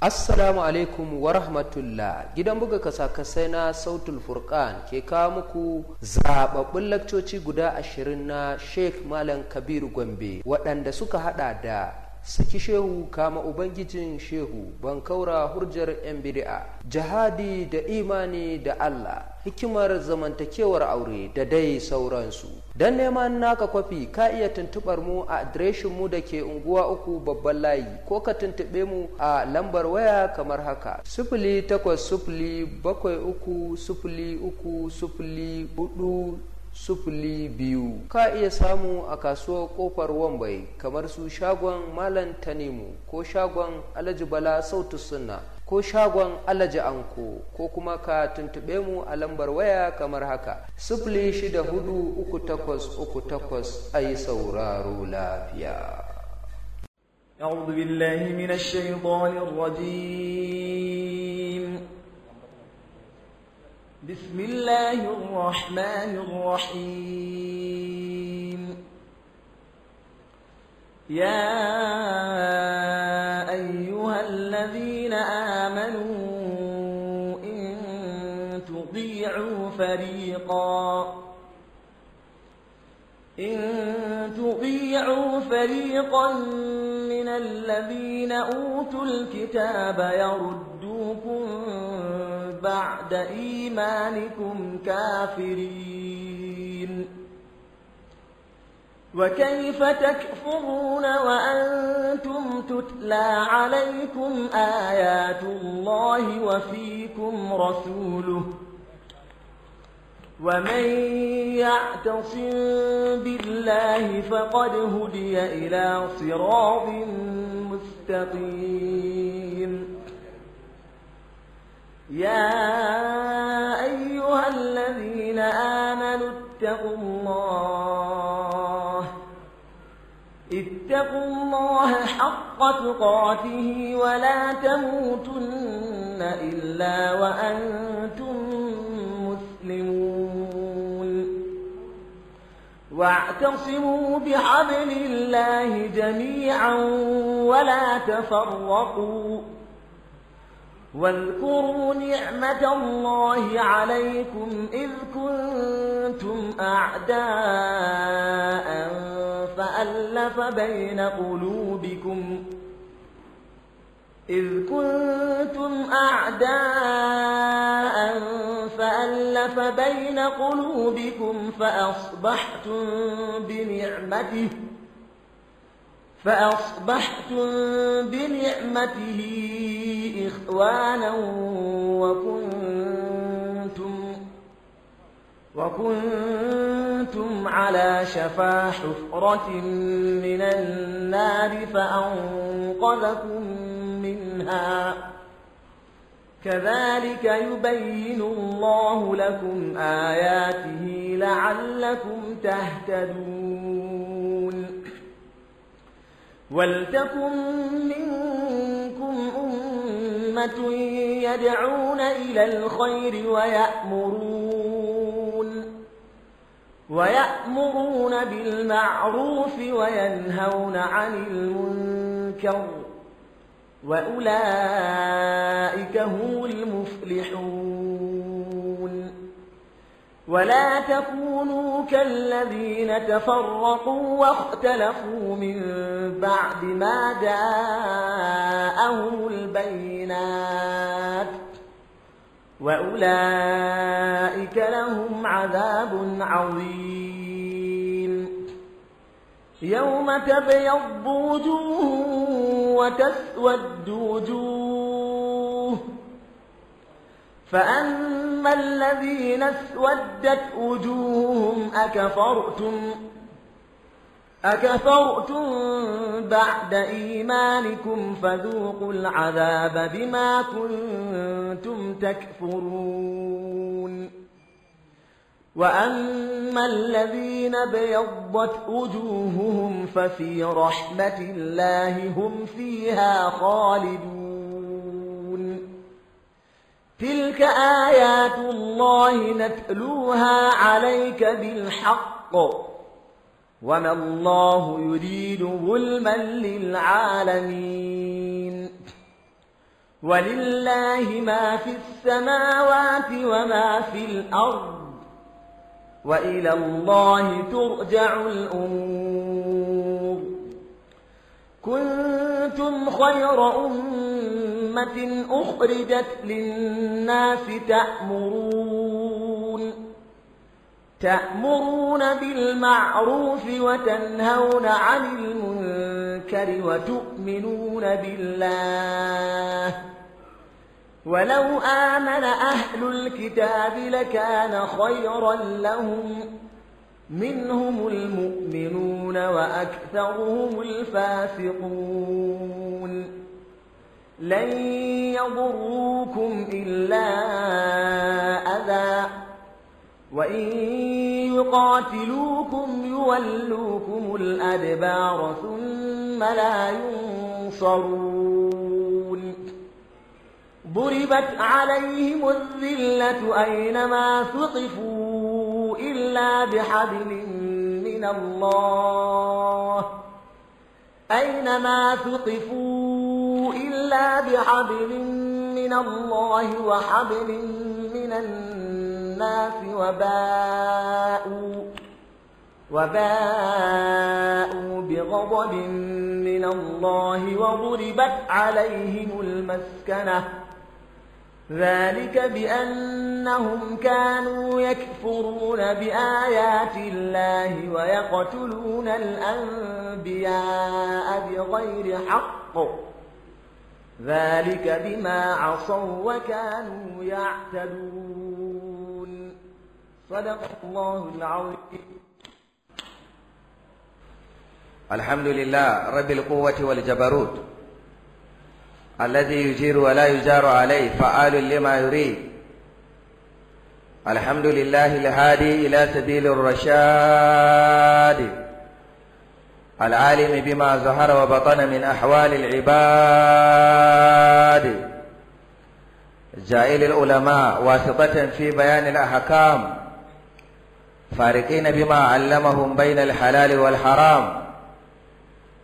Assalamu alaikum wa rahmatullah gidan buga kasa-kasai na sautul furqan ke kawo muku zababbun lakcoci guda ashirin na sheikh malam kabiru gombe waɗanda suka hada da saki shehu kama ubangijin shehu bankaura hurjar yan bid'a jihadi da imani da allah hikimar zamantakewar aure da dai sauransu don neman naka kwafi ka iya tuntubar mu a adireshin mu da ke unguwa uku babban layi ko ka tuntube mu a lambar waya kamar haka sufuli takwas sufuli bakwai uku sufuli uku sufuli hudu sufuli biyu ka iya samu a kasuwar kofar wambai kamar su shagon malam tanimu ko shagon alhaji bala sautu sunna ko shagon alaji anko ko kuma ka tuntube mu a lambar waya kamar haka sifili shida hudu uku takwas uku takwas a yi sauraro lafiya بسم الله الرحمن الرحيم يا أيها الذين آمنوا إن تطيعوا فريقا إن تطيعوا فريقا من الذين أوتوا الكتاب يردوكم بعد إيمانكم كافرين وكيف تكفرون وأنتم تتلى عليكم آيات الله وفيكم رسوله ومن يعتصم بالله فقد هدي إلى صراط مستقيم يا أيها الذين آمنوا اتقوا الله اتقوا الله حق تقاته ولا تموتن إلا وأنتم مسلمون واعتصموا بحبل الله جميعا ولا تفرقوا واذكروا نعمة الله عليكم إذ كنتم أعداء فألف بين قلوبكم إذ كنتم أعداء فألف بين قلوبكم فأصبحتم بنعمته فأصبحتم بنعمته إخوانا وكنتم وكنتم على شفا حفرة من النار فأنقذكم منها كذلك يبين الله لكم آياته لعلكم تهتدون ولتكن منكم أمة يدعون إلى الخير ويأمرون ويأمرون بالمعروف وينهون عن المنكر وأولئك هم المفلحون ولا تكونوا كالذين تفرقوا واختلفوا من بعد ما جاءهم البينات وأولئك لهم عذاب عظيم يوم تبيض وجوه وتسود وجوه فأما الذين اسودت وجوههم أكفرتم أكفرتم بعد إيمانكم فذوقوا العذاب بما كنتم تكفرون وأما الذين بيضت وجوههم ففي رحمة الله هم فيها خالدون تلك آيات الله نتلوها عليك بالحق وما الله يريد ظلما للعالمين ولله ما في السماوات وما في الأرض وإلى الله ترجع الأمور كنتم خير أمة أمة أخرجت للناس تأمرون تأمرون بالمعروف وتنهون عن المنكر وتؤمنون بالله ولو آمن أهل الكتاب لكان خيرا لهم منهم المؤمنون وأكثرهم الفاسقون لن يضروكم إلا أذى وإن يقاتلوكم يولوكم الأدبار ثم لا ينصرون ضربت عليهم الذلة أينما ثقفوا إلا بحبل من الله أينما ثقفوا إلا بحبل من الله وحبل من الناس وباءوا وباءوا بغضب من الله وضربت عليهم المسكنة ذلك بأنهم كانوا يكفرون بآيات الله ويقتلون الأنبياء بغير حق ذلك بما عصوا وكانوا يعتدون صدق الله العظيم الحمد لله رب القوة والجبروت الذي يجير ولا يجار عليه فعال لما يريد الحمد لله الهادي إلى سبيل الرشاد العالم بما ظهر وبطن من أحوال العباد جائل العلماء واسطة في بيان الأحكام فارقين بما علمهم بين الحلال والحرام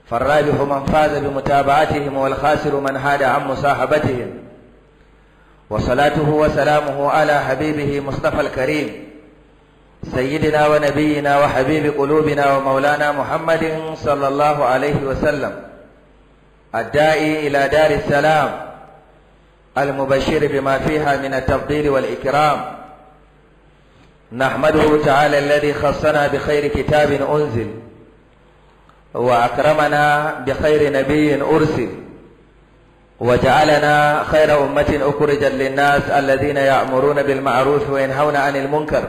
فالراجح من فاز بمتابعتهم والخاسر من هاد عن مصاحبتهم وصلاته وسلامه على حبيبه مصطفى الكريم سيدنا ونبينا وحبيب قلوبنا ومولانا محمد صلى الله عليه وسلم الداعي إلى دار السلام المبشر بما فيها من التفضيل والإكرام نحمده تعالى الذي خصنا بخير كتاب أنزل وأكرمنا بخير نبي أرسل وجعلنا خير أمة أخرجت للناس الذين يأمرون بالمعروف وينهون عن المنكر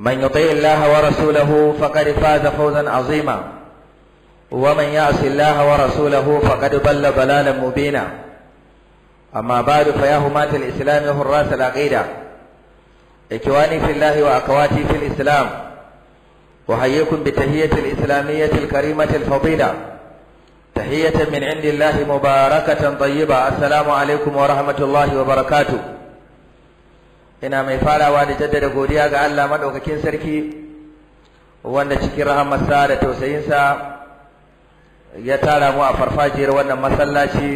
من يطيع الله ورسوله فقد فاز فوزا عظيما ومن يعص الله ورسوله فقد ضل ضلالا مبينا أما بعد فيا هماة الإسلام حراس العقيدة إخواني في الله وأخواتي في الإسلام أحييكم بتحية الإسلامية الكريمة الفضيلة تحية من عند الله مباركة طيبة السلام عليكم ورحمة الله وبركاته ina mai farawa da jaddada godiya ga Allah madaukakin sarki wanda cikin rahamarsa da tausayinsa ya tara mu a farfajiyar wannan masallaci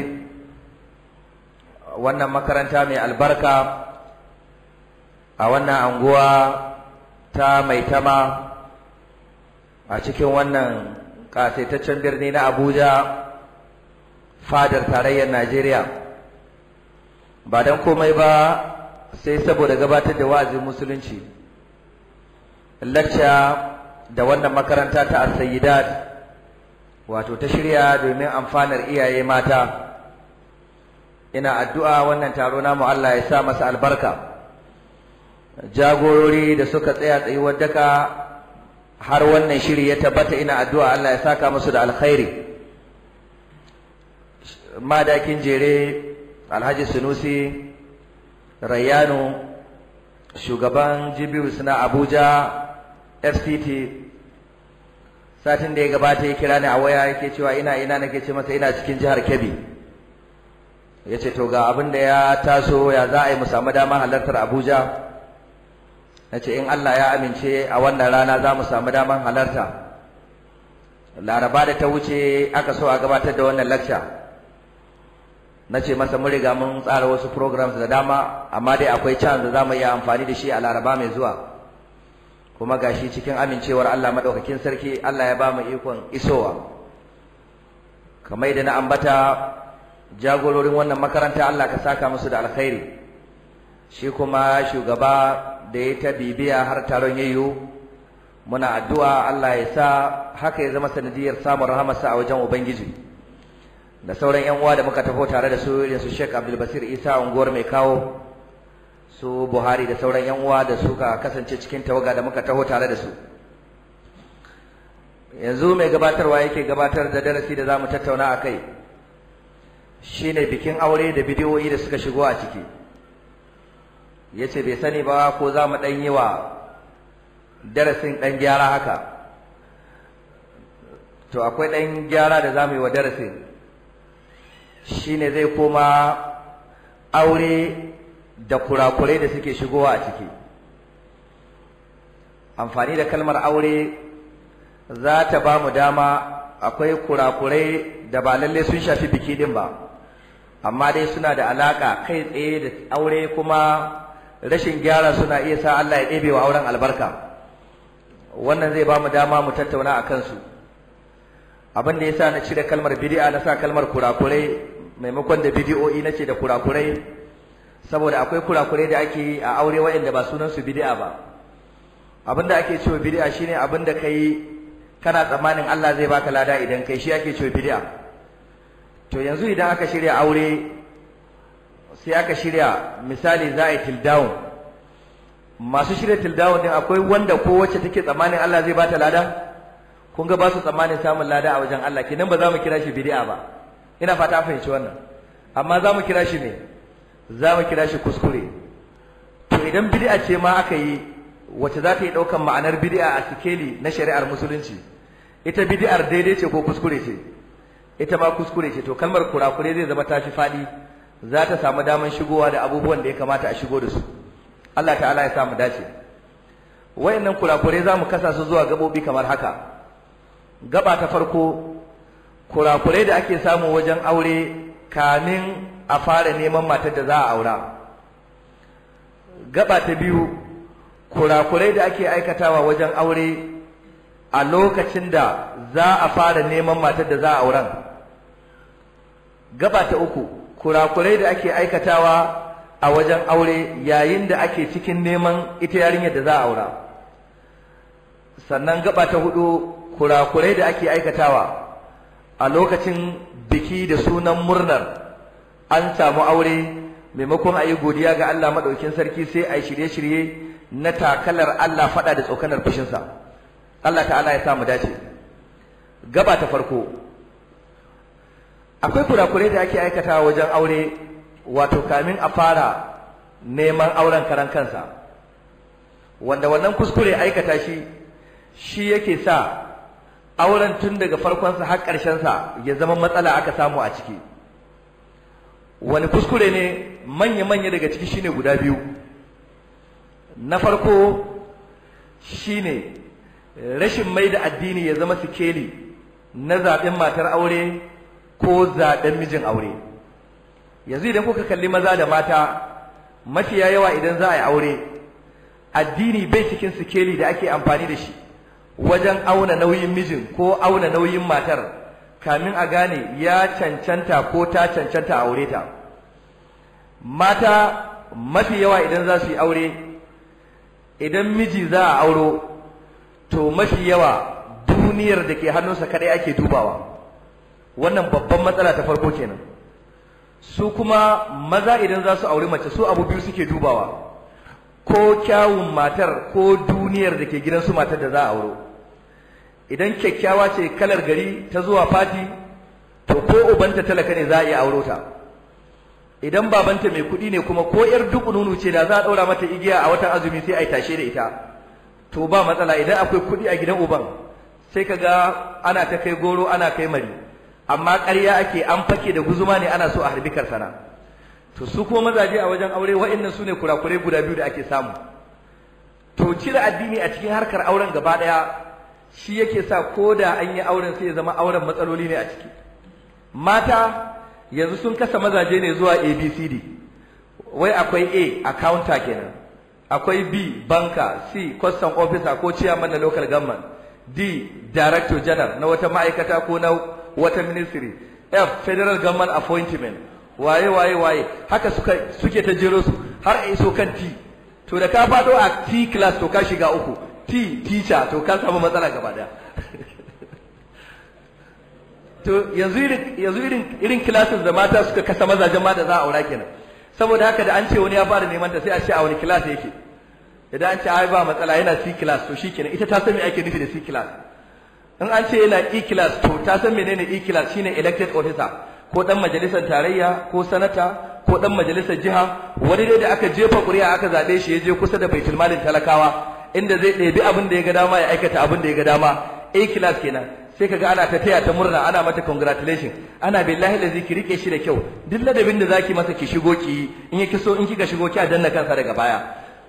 wannan makaranta mai albarka a wannan anguwa ta mai tama a cikin wannan kasaitaccen birni na Abuja fadar tarayyar Najeriya ba dan komai ba sai saboda gabatar da wa'azin musulunci lacca da wannan makaranta ta asayidat wato ta shirya domin amfanar iyaye mata ina addu'a wannan taro na mu Allah ya sa masa albarka jagorori da suka tsaya tsayuwar daka har wannan shiri ya tabbata ina addu'a Allah ya saka musu da alkhairi madakin jere alhaji sunusi Rayano shugaban GBUS na Abuja FCT satin da ya gabata ya kira ni a waya yake cewa ina ina nake ce masa ina cikin jihar Kebbi yace to ga abin da ya taso ya za a yi mu samu dama halartar Abuja nace in Allah ya amince a wannan rana za mu samu daman halarta Laraba da ta wuce aka so a gabatar da wannan lecture na ce masa mun riga mun tsara wasu programs da dama amma dai akwai chance da za mu iya amfani da shi a laraba mai zuwa kuma gashi cikin amincewar Allah madaukakin sarki Allah ya ba mu ikon isowa kamar da na ambata jagororin wannan makaranta Allah ka saka musu da alkhairi shi kuma shugaba da ya ta bibiya har taron yayyo muna addu'a Allah ya sa haka ya zama sanadiyar samun rahamarsa a wajen ubangiji da sauran yan uwa da muka taho tare da su irin su Sheikh Abdul Basir Isa unguwar mai kawo su Buhari da sauran yan uwa da suka kasance cikin tawaga da muka taho tare da su yanzu mai gabatarwa yake gabatar da darasi da zamu tattauna akai shine bikin aure da bidiyoyi da suka shigo a ciki yace bai sani ba ko za mu dan yi wa darasin dan gyara haka to akwai dan gyara da zamu yi wa darasin Shi ne zai koma aure da kurakurai da suke shigowa a ciki amfani da kalmar aure za ta ba mu dama akwai kurakurai da ba lalle sun shafi biki din ba amma dai suna da alaka kai tsaye da aure kuma rashin gyara suna iya sa Allah ya ɗebe wa auren albarka wannan zai ba mu dama mu tattauna a kansu abin da ya sa na cire kalmar bid'a na sa kalmar kurakurai maimakon da bidiyo'i ce da kurakurai saboda akwai kurakurai da ake yi a aure waɗanda ba sunan su bid'a ba abinda ake cewa bid'a shine abinda kai kana tsammanin Allah zai baka lada idan kai shi ake cewa bid'a to yanzu idan aka shirya aure sai aka shirya misali za a yi tildawun masu shirya tildawun din akwai wanda ko wacce take tsammanin Allah zai bata lada kun ga ba su tsammanin samun lada a wajen Allah kenan ba za mu kira shi bid'a ba ina fata fahimci wannan amma za mu kira shi ne za mu kira shi kuskure to idan bid'a ce ma aka yi wacce za ta yi ɗaukan ma'anar bid'a a sikeli na shari'ar musulunci ita bid'ar daidai ce ko kuskure ce ita ma kuskure ce to kalmar kurakure zai zama tafi faɗi za ta samu daman shigowa da abubuwan da ya kamata a shigo da su Allah ta'ala ya samu dace wayannan kurakure za mu kasa su zuwa gaɓoɓi kamar haka gaba ta farko kurakurai da ake samu wajen aure kamin a fara neman matar da za a aura gaba ta biyu kurakurai da ake aikatawa wajen aure a lokacin da za a fara neman matar da za a auren gaba ta uku kurakurai da ake aikatawa a wajen aure yayin da ake cikin neman ita yarinyar da za a aura sannan gaba ta hudu kurakurai da ake aikatawa a lokacin biki da sunan murnar an samu aure maimakon a yi godiya ga Allah maɗaukin sarki sai a shirye-shirye na takalar Allah faɗa da tsokanar fushinsa Allah ta'ala ya samu dace gaba ta farko akwai kurakurai da ake aikata wajen aure wato kamin a fara neman auren karan kansa wanda wannan kuskure aikata shi shi yake sa auren tun daga farkonsa har sa ya zama matsala aka samu a ciki wani kuskure ne manya-manya daga ciki shine guda biyu na farko shine rashin mai da addini ya zama sikeli na zaɓen matar aure ko zaɓen mijin aure yanzu idan kuka kalli maza da mata mafiya yawa idan za a yi aure addini bai cikin sikeli da ake amfani da shi wajen auna nauyin mijin ko auna nauyin matar kamin a gane ya cancanta ko ta cancanta aure ta mata mafi yawa idan za su yi aure idan miji za a auro to mafi yawa duniyar da ke hannunsa kadai ake dubawa wannan babban matsala ta farko kenan su kuma maza idan za su aure mace su abu biyu suke dubawa ko kyawun matar ko duniyar da ke gidan su matar da za a auro idan kyakkyawa ce kalar gari ta zuwa fati to ko ubanta talaka ne za a iya auro ta idan babanta mai kuɗi ne kuma ko yar duk nunu ce da za a ɗaura mata igiya a watan azumi sai a yi tashe da ita to ba matsala idan akwai kuɗi a gidan uban sai ka ga ana ta kai goro ana kai mari amma ƙarya ake an fake da guzuma ne ana so a harbi karsana to su kuma mazaje a wajen aure wa'annan su ne kurakurai guda biyu da ake samu to cire addini a cikin harkar auren gaba ɗaya shi yake sa ko da an yi auren sai ya zama auren matsaloli ne a ciki mata yanzu sun kasa mazaje ne zuwa abcd wai akwai a accounter kenan akwai b banka c custom officer ko chairman mana local government d director general na wata ma'aikata ko na wata ministry f federal government appointment waye waye waye haka suke ta jero su har a iso kan t to da ka fado a t class to ka shiga uku ti teacher to ka samu matsala gaba daya to yanzu irin yanzu irin irin classes da mata suka kasa mazajen ma da za a aura kenan saboda haka da an ce wani ya fara neman ta sai a ce a wani class yake idan an ce ai ba matsala yana C class to shikenan ita ta san me ake nufi da C class in an ce yana E class to ta san menene E class shine elected officer ko dan majalisar tarayya ko sanata ko dan majalisar jiha wani dai da aka jefa ƙuri'a aka zabe shi ya je kusa da baitul malin talakawa inda zai ɗebi abin da ya ga dama ya aikata abin da ya ga dama A class kenan sai kaga ana ta taya ta murna ana mata congratulation ana billahi da ki rike shi da kyau duk ladabin da za ki masa ki shigo ki in yake so in kika shigo ki a danna kansa daga baya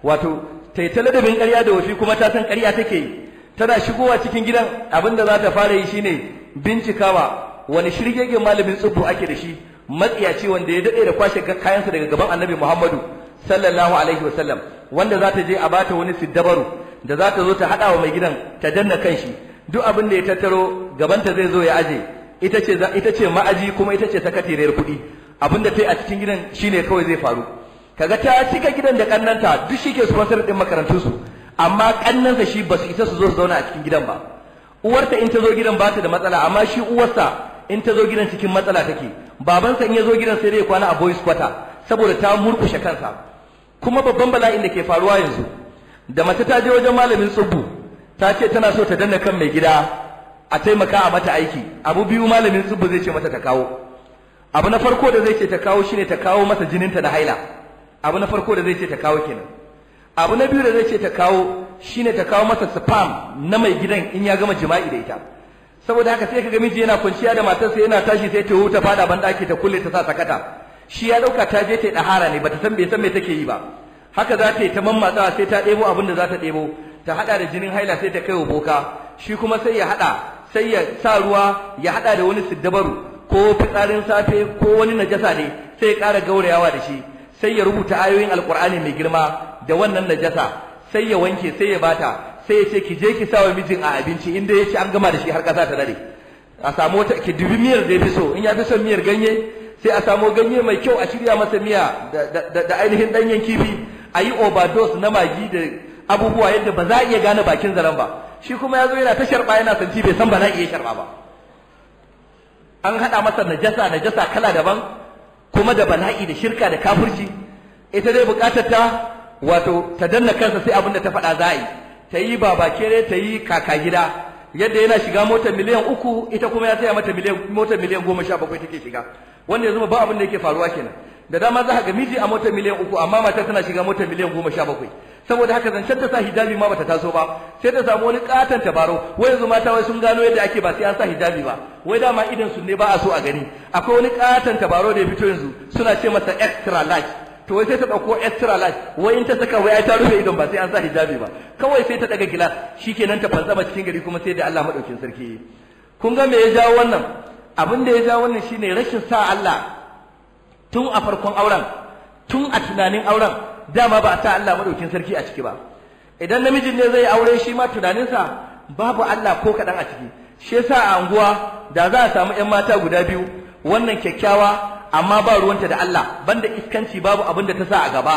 wato tai ta ladabin ƙarya da wafi kuma ta san ƙarya take yi tana shigowa cikin gidan abin da za ta fara yi shine bincikawa wani shirgegen malamin tsubbu ake da shi matsiyaci wanda ya daɗe da kwashe kayansa daga gaban annabi Muhammadu sallallahu alaihi wasallam wanda za ta je a bata wani siddabaru da za ta zo ta haɗa wa mai gidan ta danna kanshi duk abin da ya tattaro gabanta zai zo ya aje ita ce ita ce ma'aji kuma ita ce sakatariyar kuɗi abin da ta a cikin gidan shine kawai zai faru kaga ta cika gidan da kannanta duk shi ke din ɗin su, amma kannansa shi ba su isa su zo su zauna a cikin gidan ba uwarta in ta zo gidan ba ta da matsala amma shi uwarsa in ta zo gidan cikin matsala take babansa in ya zo gidan sai dai kwana a boys quarter saboda ta murkushe kansa kuma babban bala'in da ke faruwa yanzu da mace ta je wajen malamin tsubbu ta ce tana so ta danna kan mai gida a taimaka a mata aiki abu biyu malamin tsubbu zai ce mata ta kawo abu na farko da zai ce ta kawo shine ta kawo masa jininta na haila abu na farko da zai ce ta kawo kenan abu na biyu da zai ce ta kawo shine ta kawo masa spam na mai gidan in ya gama jima'i da ita saboda haka sai ka ga miji yana kwanciya da matarsa yana tashi sai ta huta fada ban daki ta kulle ta sa sakata shi ya ɗauka ta je ta dahara ne bata san bai san me take yi ba haka za ta yi ta mammatsa sai ta ɗebo abin da za ta ɗebo ta haɗa da jinin haila sai ta kai wa boka shi kuma sai ya haɗa sai ya sa ruwa ya haɗa da wani siddabaru ko fitsarin safe ko wani najasa ne sai ya ƙara gaurayawa da shi sai ya rubuta ayoyin alƙur'ani mai girma da wannan najasa sai ya wanke sai ya bata sai ya ce ki je ki sawa mijin a abinci inda ya ci an gama da shi har ƙasa ta dare a samu wata ki dubi miyar da ya fi so in ya fi son miyar ganye sai a samu ganye mai kyau a shirya masa miya da ainihin ɗanyen kifi a yi overdose na magi da abubuwa yadda ba za a iya gane bakin zaren ba shi kuma ya zo yana ta sharɓa yana santi bai san ba na iya sharɓa ba an haɗa masa najasa najasa kala daban kuma da bala'i da shirka da kafirci ita dai buƙatar ta wato ta danna kansa sai abin da ta faɗa za a yi ta yi babakere ta yi kaka gida yadda yana shiga motar miliyan uku ita kuma ya taya mata motar miliyan goma sha bakwai take shiga wanda yanzu ba abin da yake faruwa kenan da dama za ga miji a mota miliyan uku amma mata tana shiga mota miliyan goma sha bakwai saboda haka zancen ta sa hijabi ma bata taso ba sai ta samu wani katon tabaro wai yanzu mata wai sun gano yadda ake ba sai an sa hijabi ba wai dama idan su ne ba a so a gani akwai wani katon tabaro da ya fito yanzu suna ce masa extra large to wai sai ta dauko extra large wai in ta saka wai ta rufe idon ba sai an sa hijabi ba kawai sai ta daga gilas shikenan ta fanzama cikin gari kuma sai da Allah madaukin sarki kun ga me ya jawo wannan abin da ya ja wannan shine rashin sa Allah tun a farkon auren tun a tunanin auren dama ba a sa Allah madaukin sarki a ciki ba idan namijin ne zai aure shi ma tunaninsa babu Allah ko kaɗan a ciki shi yasa a anguwa da za a samu yan mata guda biyu wannan kyakkyawa amma ba ruwanta da Allah banda iskanci babu abin da ta sa a gaba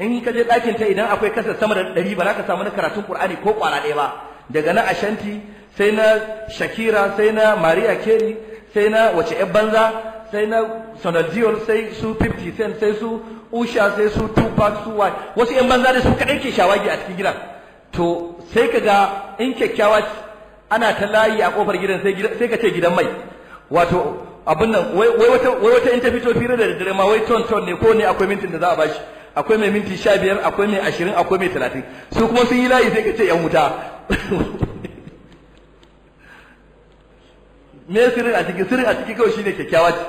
in ka je ɗakinta idan akwai kasar sama da ɗari ba za ka samu na karatun Ƙur'ani ko ƙwara ɗaya ba daga na ashanti sai na Shakira sai na Maria Kelly, sai na wace ƴan banza sai na Sonal sai su 50 Cent sai su Usha sai su Tupac su Wai wasu ƴan banza da su kaɗai ke shawagi a cikin gidan to sai ka ga in kyakkyawa ana ta layi a kofar gidan sai ka ce gidan mai wato abin nan wai wata wai wata in ta fito fira da dare ma wai ton ton ne ko ne akwai mintin da za a bashi akwai mai minti sha biyar akwai mai ashirin akwai mai talatin su kuma sun yi layi sai ka ce yan wuta me sirrin a ciki sirrin a ciki kawai shine kyakkyawa ce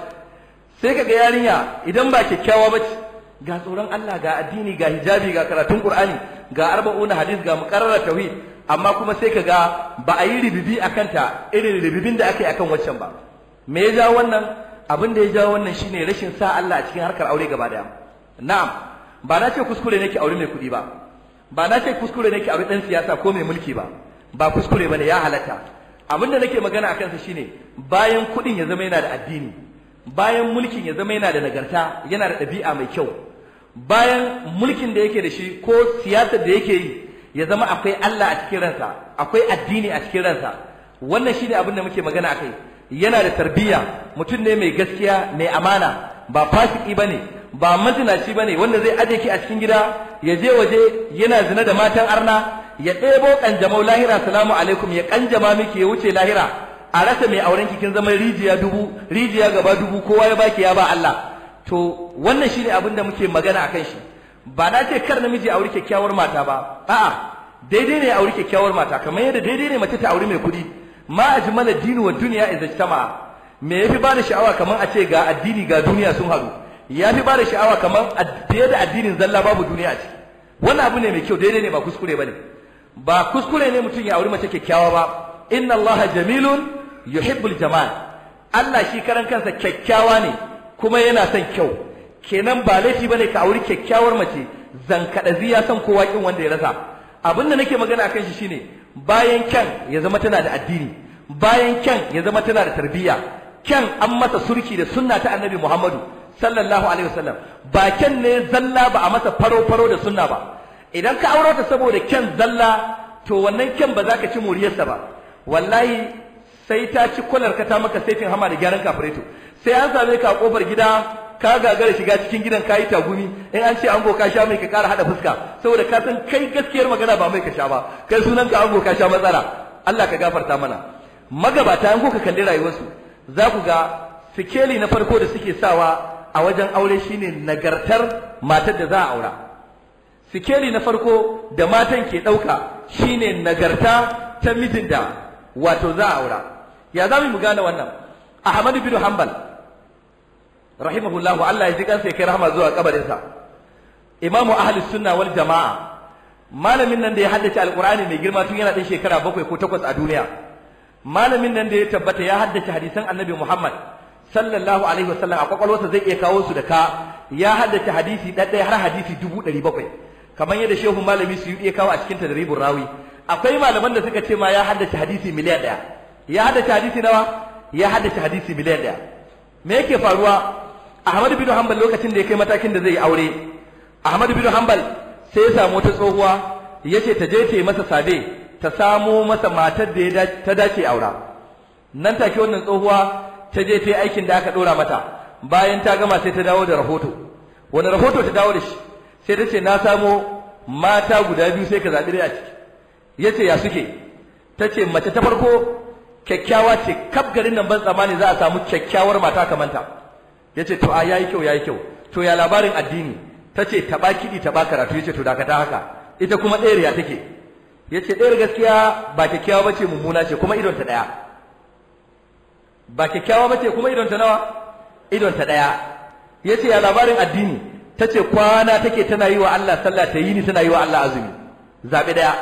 sai kaga yarinya idan ba kyakkyawa ba ce ga tsoron Allah ga addini ga hijabi ga karatun Qur'ani ga arba'una hadis ga muqarrar tauhid amma kuma sai kaga ba a yi ribibi akan ta irin ribibin da aka yi akan waccan ba me ya jawo wannan abin da ya jawo wannan shine rashin sa Allah a cikin harkar aure gaba daya na'am ba na ce kuskure ne aure mai kuɗi ba ba na ce kuskure ne aure dan siyasa ko mai mulki ba ba kuskure bane ya halatta abinda nake magana a kansa shine bayan kuɗin ya zama yana da addini bayan mulkin ya zama yana da nagarta yana da ɗabi'a mai kyau bayan mulkin da yake da shi ko siyasar da yake yi ya zama akwai Allah a cikin ransa akwai addini a cikin ransa wannan shine abin da muke magana akai yana da tarbiyya mutum ne mai gaskiya mai amana ba fasiki bane ba ba bane wanda zai aje ki a cikin gida ya je waje yana zina da matan arna ya ɗebo kanjamau lahira salamu alaikum ya kanjama miki ya wuce lahira a rasa mai auren ki kin zama rijiya dubu rijiya gaba dubu kowa ya baki ya ba Allah to wannan shine abin da muke magana akan shi ba da ce kar namiji aure kyakkyawar mata ba a'a daidai ne aure kyakkyawar mata kamar yadda daidai ne mace ta aure mai kuɗi ma ajmala dinu wa dunya idza me yafi ba da sha'awa kamar a ce ga addini ga duniya sun haɗu ya fi ba da sha'awa kamar fiye da addinin zalla babu duniya a wannan abu ne mai kyau daidai ne ba kuskure ba ne ba kuskure ne mutum ya auri mace kyakkyawa ba inna allaha jamilun yuhibbul jamal Allah shi karan kansa kyakkyawa ne kuma yana son kyau kenan ba laifi bane ka auri kyakkyawar mace zankada ya san kowa kin wanda ya rasa abin da nake magana akan shi shine bayan kyan ya zama tana da addini bayan kyan ya zama tana da tarbiyya kyan an masa surki da sunna ta annabi Muhammadu sallallahu alaihi wasallam ba kyan ne zalla ba a masa faro faro da sunna ba idan ka auro ta saboda kyan zalla to wannan kyan ba za ka ci muriyarsa ba wallahi sai ta ci kwalar ka ta maka saifin hama da gyaran kafireto sai an same ka a kofar gida ka gagara shiga cikin gidan ka yi tagumi in an ce ango ka sha mai ka kara hada fuska saboda ka san kai gaskiyar magana ba mai ka sha ba kai sunan ka ango ka sha matsala Allah ka gafarta mana magabata an ka kalli rayuwarsu za ku ga sikeli na farko da suke sawa a wajen aure shine nagartar matar da za a aura sikeli na farko da matan ke ɗauka shine nagarta ta mijin da wato za a aura ya za mu gane wannan ahmad bin hanbal rahimahullahu Allah ya ji kansa ya kai rahama zuwa kabarinsa imamu ahlus sunna wal jama'a malamin nan da ya haddace alqur'ani mai girma tun yana ɗan shekara bakwai ko takwas a duniya malamin nan da ya tabbata ya haddace hadisan annabi muhammad sallallahu alaihi wasallam a kwakwalwarsa zai iya kawo su da ka ya haddace hadisi ɗaya har hadisi dubu ɗari bakwai kamar yadda shehu malami su iya kawo a cikin tadribin rawi akwai malaman da suka ce ma ya haddace hadisi miliyan ɗaya ya haddace hadisi nawa ya haddace hadisi miliyan ɗaya me yake faruwa Ahmadu bin hanbal lokacin da ya kai matakin da zai yi aure Ahmadu bin hanbal sai ya samu wata tsohuwa ya ce ta je ta yi masa sabe ta samo masa matar da ya dace aura nan take wannan tsohuwa ta je ta yi aikin da aka ɗora mata bayan ta gama sai ta dawo da rahoto wani rahoto ta dawo da shi sai ta ce na samo mata guda biyu sai ka zaɓi dai a ciki ya ce ya suke ta ce mace ta farko kyakkyawa ce kaf garin nan ban tsammani za a samu kyakkyawar mata kamanta ya ce to a yayi kyau yayi kyau to ya labarin addini ta ce taɓa kiɗi taɓa karatu ya ce to dakata haka ita kuma ɗaya riya take ya ce ɗaya gaskiya ba kyakkyawa ba ce mummuna ce kuma idonta ɗaya ba kyakkyawa ba ce kuma idonta nawa idonta ɗaya. Ya ce ya labarin addini ta ce kwana take tana yi wa Allah sallah ta yi ni tana yi wa Allah azumi Zaɓe ɗaya.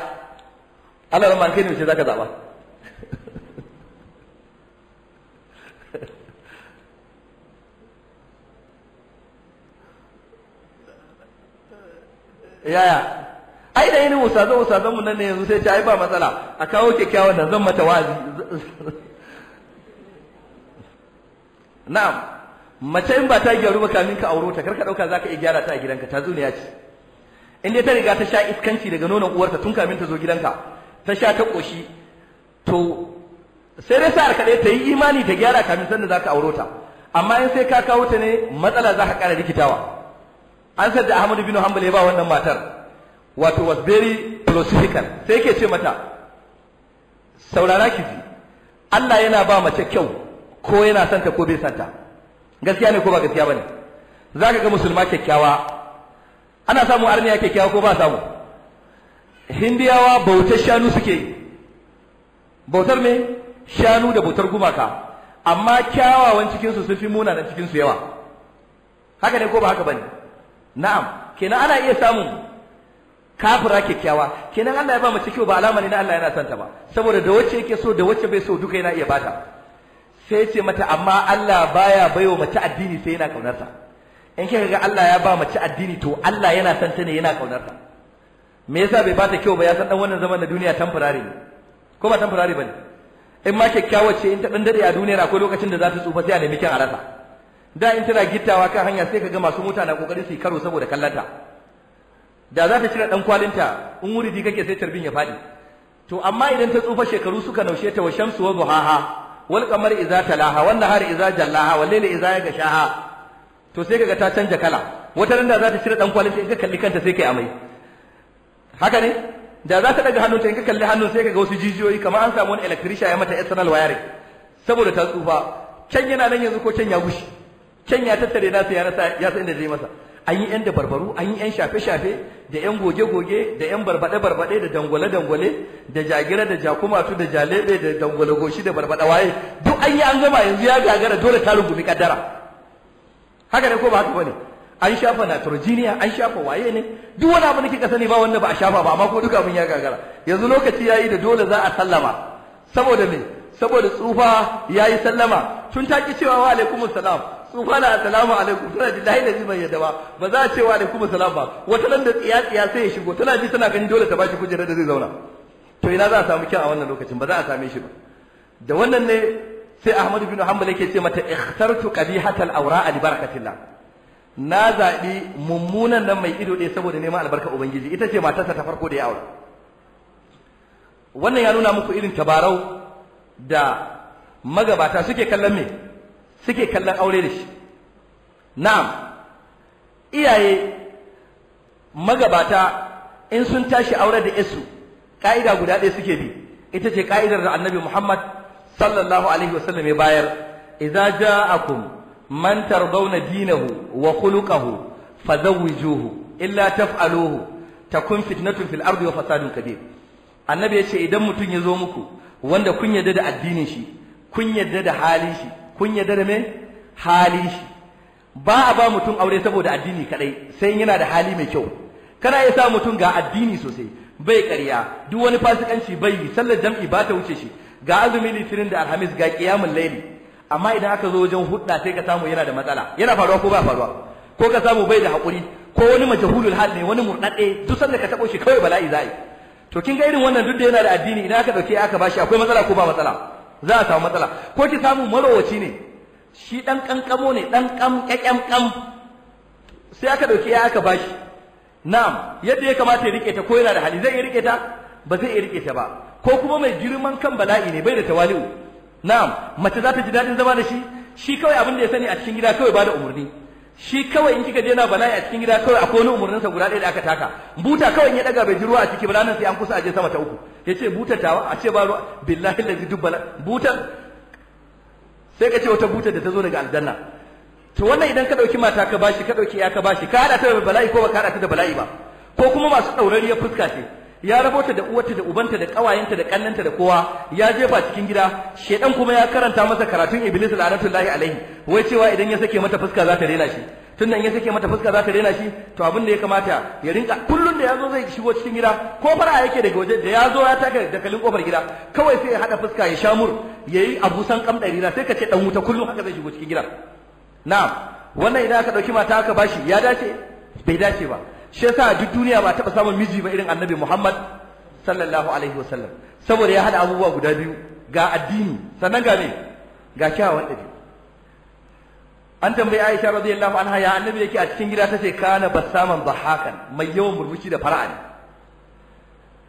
Allah ran kai ne ce zaka zaɓa. yaya ai da yini musa zo musa zan mu nan ne yanzu sai ta ai ba matsala a kawo kyakkyawan nan zan mata wazi na'am mace in ba ta gyaru ba kamin ka auro ta karka dauka zaka iya gyara ta a gidanka ta zuniya ce in dai ta riga ta sha iskanci daga nonon uwarta tun kamin ta zo gidanka ta sha ta koshi to sai dai sa'ar kaɗai ta yi imani ta gyara kamin sanda zaka auro ta amma in sai ka kawo ta ne matsala za ka ƙara rikitawa an sadda Ahmadu bin Hanbal ya ba wannan matar wato was very philosophical sai yake ce mata saurara ki ji Allah yana ba mace kyau ko yana santa ko bai santa gaskiya ne ko ba gaskiya bane zaka ga musulma kyakkyawa ana samu arniya kyakkyawa ko ba samu hindiyawa bautar shanu suke bautar me shanu da bautar gumaka amma kyawawan cikinsu sun fi munanan cikinsu yawa haka ne ko ba haka bane na'am kenan ana iya samun kafira kyakkyawa kenan Allah ya ba mace kyau ba alama ne na Allah yana santa ba saboda da wacce yake so da wacce bai so duka yana iya bata sai ce mata amma Allah baya baiwa mace addini sai yana kaunarsa in kika ga Allah ya ba mace addini to Allah yana son ta ne yana kaunarsa me yasa bai bata kyau ba ya san dan wannan zaman da duniya temporary ne ko ba temporary bane in ma kyakkyawa ce in ta dan dade a duniya akwai lokacin da za ta tsufa sai a nemi kyan a da in tana gittawa kan hanya sai ka ga masu mota na kokarin su karo saboda kallanta da za ta cire dan kwalinta in wuridi kake sai tarbin ya fadi to amma idan ta tsufa shekaru suka naushe ta wa shamsu wa buhaha wal kamar iza talaha wan nahar iza jallaha wal layli idza yaghshaha to sai kaga ta canja kala wata ran da za ta cire dan kwalin sai ka kalli kanta sai kai amai haka ne da za ta daga hannun ta in ka kalli hannun sai kaga wasu jijiyoyi kamar an samu wani electrician ya mata external wiring saboda ta tsufa can yana nan yanzu ko can ya gushi can ya tattare nasa ya rasa ya san inda zai masa an yi yan dabarbaru an yi yan shafe-shafe da yan goge-goge da yan barbaɗe-barbaɗe da dangwale-dangwale da jagira da jakumatu da jalebe da dangwale goshi da barbaɗa waye duk an yi an gama yanzu ya gagara dole ta rungumi kaddara haka ne ko ba haka bane an shafa nitrogenia an shafa waye ne duk wani abu da kika sani ba wanda ba a shafa ba amma ko duka abin ya gagara yanzu lokaci yayi da dole za a sallama saboda me saboda tsufa yayi sallama tun ta ki cewa wa alaikumus salam tsufa na assalamu alaikum tana ji lahi da bai yadda ba ba za a cewa da kuma salam ba wata nan da tsiya tsiya sai ya shigo tana ji tana ganin dole ta bashi kujera da zai zauna to ina za a samu kyan a wannan lokacin ba za a same shi ba da wannan ne sai Ahmad bin Hanbal yake ce mata ikhtartu qabihatal awra'a li barakatillah na zaɓi mummunan nan mai ido ɗaya saboda neman albarka ubangiji ita ce matarsa ta farko da ya aure wannan ya nuna muku irin tabarau da magabata suke kallon me suke kallon aure da shi na'am iyaye magabata in sun tashi aure da isu ka'ida guda ɗaya suke bi ita ce ka'idar da annabi Muhammad sallallahu alaihi wasallam ya bayar idza ja'akum man tardawna dinahu wa khuluquhu fazawwijuhu illa taf'aluhu takun fitnatun fil ardi wa fasadun kabir annabi ya ce idan mutum ya zo muku wanda kun yarda da addinin shi kun yarda da halin shi kun da me hali shi ba a ba mutum aure saboda addini kadai sai yana da hali mai kyau kana iya sa mutum ga addini sosai bai ƙarya duk wani fasikanci bai yi sallar jam'i ba ta wuce shi ga azumi litinin da alhamis ga qiyamul layli amma idan aka zo wajen hudda sai ka samu yana da matsala yana faruwa ko ba faruwa ko ka samu bai da hakuri ko wani majahulul hal ne wani murdade duk da ka tabo shi kawai bala'i zai to kin ga irin wannan duk da yana da addini idan aka dauke aka bashi akwai matsala ko ba matsala za a samu matsala ko ki samu marowaci ne shi dan kankamo ne dan kam kyakkyam kam sai aka dauki ya aka bashi na'am yadda ya kamata ya rike ta ko yana da hali zai iya rike ta ba zai iya rike ta ba ko kuma mai girman kan bala'i ne bai da tawali'u na'am mace za ta ji daɗin zama da shi shi kawai abin da ya sani a cikin gida kawai ba da umarni shi kawai in kika je na bala'i a cikin gida kawai akwai wani umurnin sa guda ɗaya da aka taka buta kawai in ya daga bai ji ruwa a ciki ba ranar sai an kusa a je sama ta uku yace buta ta a ce ba ruwa billahi lazi bala. buta sai ka ce wata butar da ta zo daga aljanna to wannan idan ka dauki mata ka bashi ka dauki ya ka bashi ka hada ta da bala'i ko ba ka hada ta da bala'i ba ko kuma masu ya fuska ce ya rabota da uwarta da ubanta da kawayenta da kannanta da kowa ya jefa cikin gida shedan kuma ya karanta masa karatun iblis la'anatullahi alaihi wai cewa idan ya sake mata fuska za ta rena shi tunda in ya sake mata fuska za ta rena shi to abin da ya kamata ya rinka kullun da yazo zai shigo cikin gida ko fara yake daga waje da yazo ya taka da kalin kofar gida kawai sai ya hada fuska ya shamur yayi abusan dari na sai ka ce dan wuta kullun haka zai shigo cikin gida na'am wannan idan aka dauki mata aka bashi ya dace bai dace ba shi a duk duniya ba taɓa samun miji ba irin annabi Muhammad sallallahu alaihi wasallam saboda ya haɗa abubuwa guda biyu ga addini sannan ga me ga kyawawan ɗabi'u an tambayi Aisha radiyallahu anha ya annabi yake a cikin gida ta ce kana basaman bahakan mai yawan murmushi da fara'a ne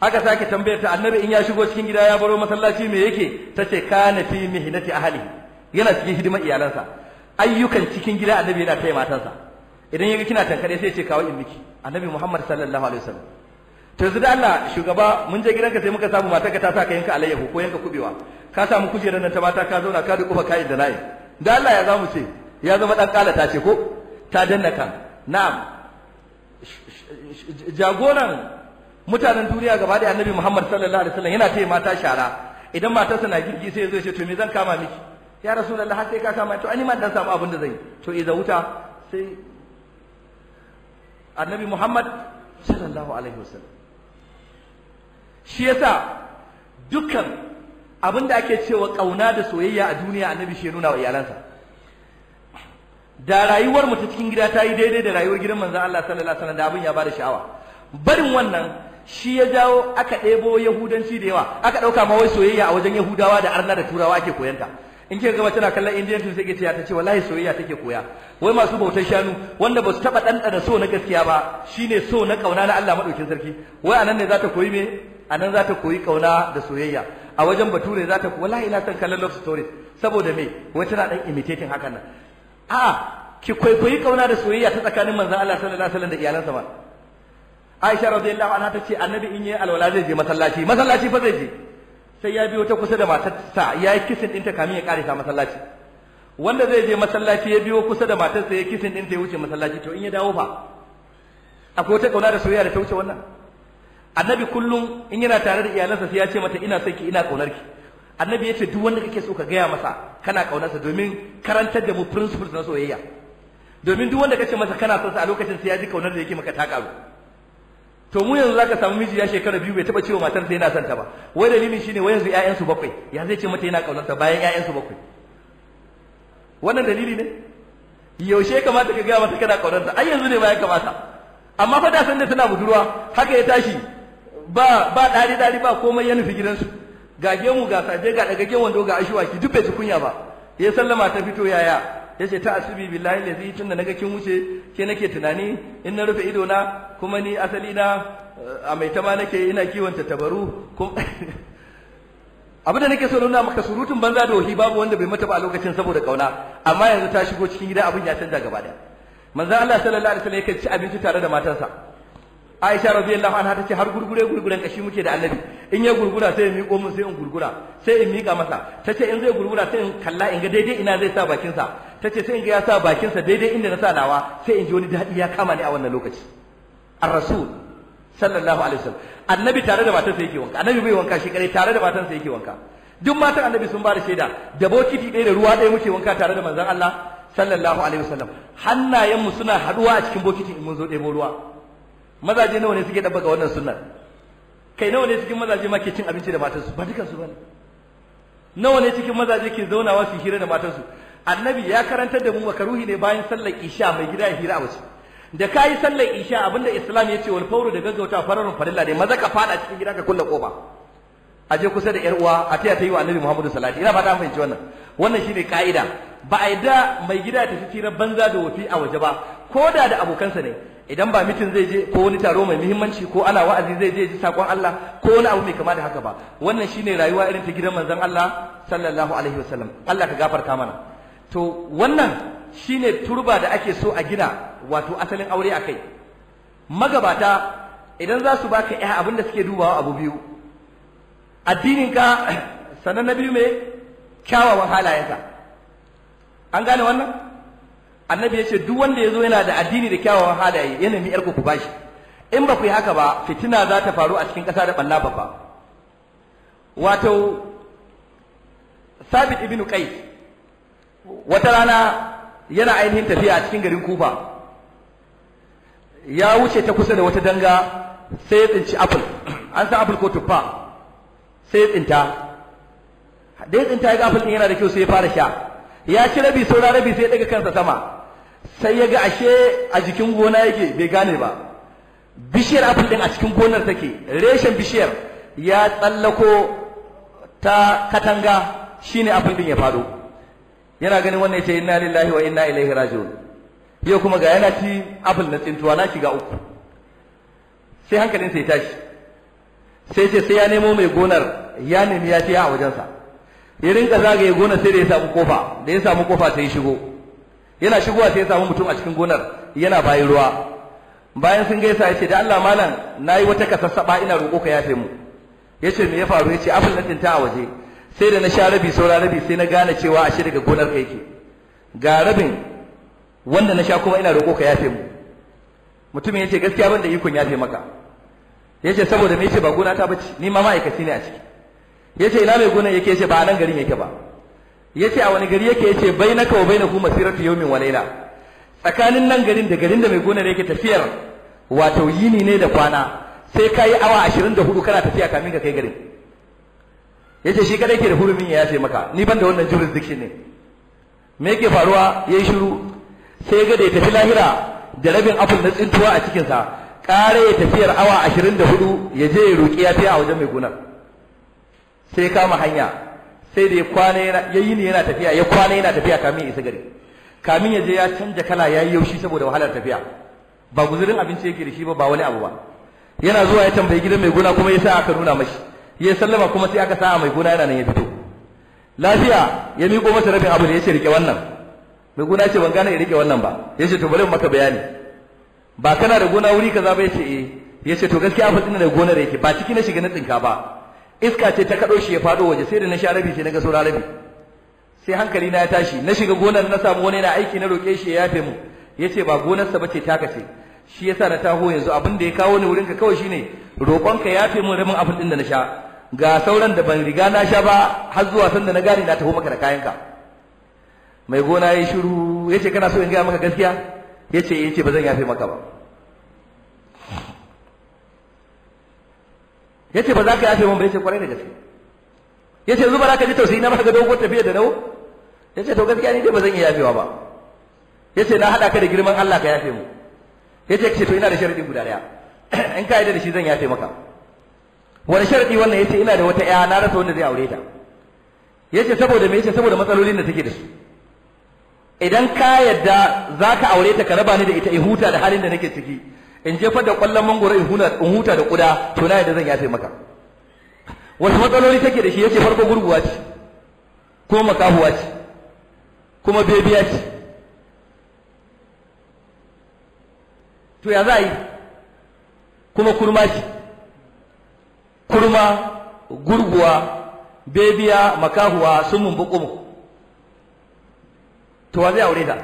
aka sake tambayar ta annabi in ya shigo cikin gida ya baro masallaci me yake ta ce kana fi mihnati ahli yana cikin hidimar iyalansa ayyukan cikin gida annabi yana taya matansa idan yaga kina tankare sai ce kawo in miki annabi Muhammad sallallahu alaihi wasallam to yanzu da Allah shugaba mun je gidanka sai muka samu matarka ta sa ka yanka alayyahu ko yanka kubewa ka samu kujerar nan ta mata ka zauna ka duƙufa kai da layi da Allah ya zamu ce ya zama dan kala ta ce ko ta danna ka na'am jagoran mutanen duniya gaba da annabi Muhammad sallallahu alaihi wasallam yana taya mata shara idan matarsa na girgi sai zai ce to me zan kama miki ya rasulullahi har sai ka kama to ani ma dan samu abin da zai to idan wuta sai annabi Muhammad sallallahu alaihi wasallam shi yasa dukkan abin da ake cewa kauna da soyayya a duniya annabi shi nuna wa iyalansa da rayuwar mu ta cikin gida ta yi daidai da rayuwar gidan manzon Allah sallallahu alaihi wasallam da abin ya bada sha'awa barin wannan shi ya jawo aka ɗebo yahudanci da yawa aka ɗauka ma wai soyayya a wajen yahudawa da arna da turawa ake koyanta in kika gaba tana kallon indian film sai ke ta ce wallahi soyayya take koya wai masu bautar shanu wanda ba su taba ɗanɗana so na gaskiya ba shine so na kauna na Allah madaukin sarki wai anan ne za ta koyi me anan za ta koyi kauna da soyayya a wajen bature za ta wallahi ina son kallon love story saboda me wai tana dan imitating hakan nan a'a ki kwaikwayi kauna da soyayya ta tsakanin manzon Allah sallallahu alaihi wasallam da iyalansa ba Aisha radiyallahu anha tace annabi in yi alwala zai je masallaci masallaci fa zai je sai ya biyo ta kusa da matarsa ya yi kisin ɗinta kamin ya ta masallaci wanda zai je masallaci ya biyo kusa da matarsa ya kisin ɗinta ya wuce masallaci to in ya dawo fa akwai wata ƙauna da soyayya da ta wuce wannan annabi kullum in yana tare da iyalansa sai ya ce mata ina son ki ina ƙaunar ki annabi ya ce duk wanda kake so ka gaya masa kana ƙaunarsa domin karantar da mu principles na soyayya domin duk wanda kace masa kana son sa a lokacin sai ya ji ƙaunar da yake maka ta ƙaru to mu yanzu zaka samu miji ya shekara biyu bai taba cewa matar sa yana son ta ba wai dalilin shine wai yanzu ƴaƴansu bakwai ya zai ce mata yana kaunar ta bayan ƴaƴansu bakwai wannan dalili ne yaushe kamata ka gaya mata kana kaunar ta ai yanzu ne bayan kamata amma fa da san da tana budurwa haka ya tashi ba ba dari dari ba komai ya nufi gidansu ga gemu ga saje ga gemu wando ga ashiwaki duk bai kunya ba ya sallama ta fito yaya yace ta asibi billahi tun na naga kin wuce ke nake tunani in na rufe ido na kuma ni asali na eh, a mai tama nake ina kiwon tabaru. abin da nake so nuna maka surutun banza da wahi babu wanda bai mata ba a lokacin saboda kauna amma yanzu ta shigo cikin gida abin ya canza gaba daya manzo Allah sallallahu alaihi wasallam yake ci abinci tare da matarsa Aisha radiyallahu anha tace har gurgure gurguren kashi muke da Annabi in ya gurgura sai ya miƙo mun sai in gurgura sai in miƙa masa tace in zai gurgura sai in kalla in ga daidai ina zai sa bakin sa tace sai in ga ya sa bakin sa daidai inda na sa nawa sai in ji wani dadi ya kama ni a wannan lokaci ar-rasul sallallahu alaihi wasallam annabi tare da matarsa yake wanka annabi bai wanka shi kare tare da matarsa yake wanka duk matan annabi sun ba da shaida da bokiti ɗaya da ruwa ɗaya muke wanka tare da manzon Allah sallallahu alaihi wasallam hannayenmu suna haduwa a cikin bokiti in mun zo ɗebo ruwa mazaje nawa ne suke dabbaka wannan sunnar kai nawa ne cikin mazaje ma ke cin abinci da matarsu ba dukansu ba ne nawa ne cikin mazaje ke zaunawa su hira da matarsu annabi ya karantar da mu makaruhi ne bayan sallar isha mai gida ya hira a wasu da ka yi sallar isha abinda islam ya ce wal fawru da gaggauta fararun farilla ne maza ka fada cikin gida ka kulle kofa a je kusa da yar uwa a taya ta yi wa annabi muhammadu salati ina fata an fahimci wannan wannan shine ka'ida ba a yadda mai gida ta tafi banza da wofi a waje ba ko da da abokansa ne idan ba mitin zai je ko wani taro mai muhimmanci ko ana wa'azi zai je ji sakon Allah ko wani abu mai kama da haka ba wannan shine rayuwa irin ta gidan manzon Allah sallallahu alaihi wasallam Allah ka gafarta mana to wannan shine turba da ake so a gina wato asalin aure akai magabata idan za su baka ya abun da suke dubawa abu biyu ka sannan na biyu me kyawawan halayenka an gane wannan annabi ya ce duk wanda ya zo yana da addini da kyawawan halaye ya nemi yarku ku bashi in ba ku yi haka ba fitina za ta faru a cikin ƙasa da ɓalla babba wato sabit ibn kai wata rana yana ainihin tafiya a cikin garin kufa ya wuce ta kusa da wata danga sai ya tsinci apple an san apple ko tuffa sai ya tsinta da ya tsinta ya ga apple din yana da kyau sai ya fara sha ya ci rabi sau rabi sai ya daga kansa sama sai ya ga ashe a jikin gona yake bai gane ba bishiyar apple din a cikin gonar take reshen bishiyar ya tsallako ta katanga shine apple din ya faɗo yana ganin wannan yace inna lillahi wa inna ilaihi raji'un yau kuma ga yana ci apple na tsintuwa na shiga uku sai hankalin sai tashi sai ce sai ya nemo mai gonar ya nemi ya ce a wajensa ya rinka zagaye gonar sai da ya samu kofa da ya samu kofa sai ya shigo yana shigowa sai ya samu mutum a cikin gonar yana bayan ruwa bayan sun gaisa ya ce da Allah malam nayi wata kasassaba ina roƙo ka yafe mu Ya ce me ya faru ce afin na tinta a waje sai da na sha rabi saura rabi sai na gane cewa ashe daga gonar ka yake ga rabin wanda na sha kuma ina roƙo ka yafe mu mutumin ce gaskiya ban da ikon yafe maka Ya ce saboda me ce ba gona ta bace ni ma ma'aikaci ne a ciki Ya ce ina mai gonar yake ce ba a nan garin yake ba ya ce a wani gari yake yace bainaka wa masirar masiratu yawmin wa layla tsakanin nan garin da garin da mai gonar yake tafiyar wato yini ne da kwana sai kai awa 24 kana tafiya kamin ka kai garin yace shi kada yake da hurumin ya yafe maka ni ban da wannan jurisdiction ne me yake faruwa yayi shiru sai ga da ya tafi lahira da rabin apple na tsintuwa a cikinsa sa kare ya tafiyar awa 24 ya je ya roki ya a wajen mai gonar sai kama hanya sai da ya kwana ya yi ne yana tafiya ya kwana yana tafiya kamin ya isa gari kamin ya je ya canja kala ya yi yaushi saboda wahalar tafiya ba guzurin abinci yake da shi ba ba wani abu ba yana zuwa ya tambayi gidan mai gona kuma ya sa aka nuna mashi ya sallama kuma sai aka sa mai gona yana nan ya fito lafiya ya miƙo masa rabin abu da ya ce rike wannan mai gona ya ce ban gane ya rike wannan ba ya ce to bari maka bayani ba kana da gona wuri kaza ba ya ce eh ya ce to gaskiya fa tunda da gonar yake ba ciki na shiga na tsinka ba iska ce ta kaɗo shi ya faɗo waje sai da na sha rabi sai na ga saura rabi sai hankali na ya tashi na shiga gonar na samu wani yana aiki na roƙe shi ya yafe mu yace ba gonarsa bace taka ce shi yasa na taho yanzu abin da ya kawo ni wurinka kawai shine roƙonka yafe mun rabin abin din da na sha ga sauran da ban riga na sha ba har zuwa sanda na gane na taho maka da ka mai gona ya shiru yace kana so in gaya maka gaskiya yace eh, yace ba zan yafe maka ba yace ba za ka yafe mun ba yace kwarai da gaske yace zuba ba za ka ji tausayi na ba ga dogon tafiya da nau' yace to gaskiya ni dai ba zan iya yafewa ba yace na hada ka da girman Allah ka yafe mu yace kace to ina da sharadi guda daya in ka yi da shi zan yafe maka wani sharadi wannan yace ina da wata ƴa na rasa wanda zai aure ta yace saboda me yace saboda matsalolin da take da su idan ka yadda za ka aure ta ka raba ni da ita in huta da halin da nake ciki in jefar da kwallon mangoro in huta da kuda to na yadda zan yafe maka wasu matsaloli take da shi yake farko gurguwa ce kuma makahuwa ce kuma bebiya ce to ya za yi kuma kurma ce kurma gurguwa bebiya makahuwa sun mun buƙumu to wa zai aure ta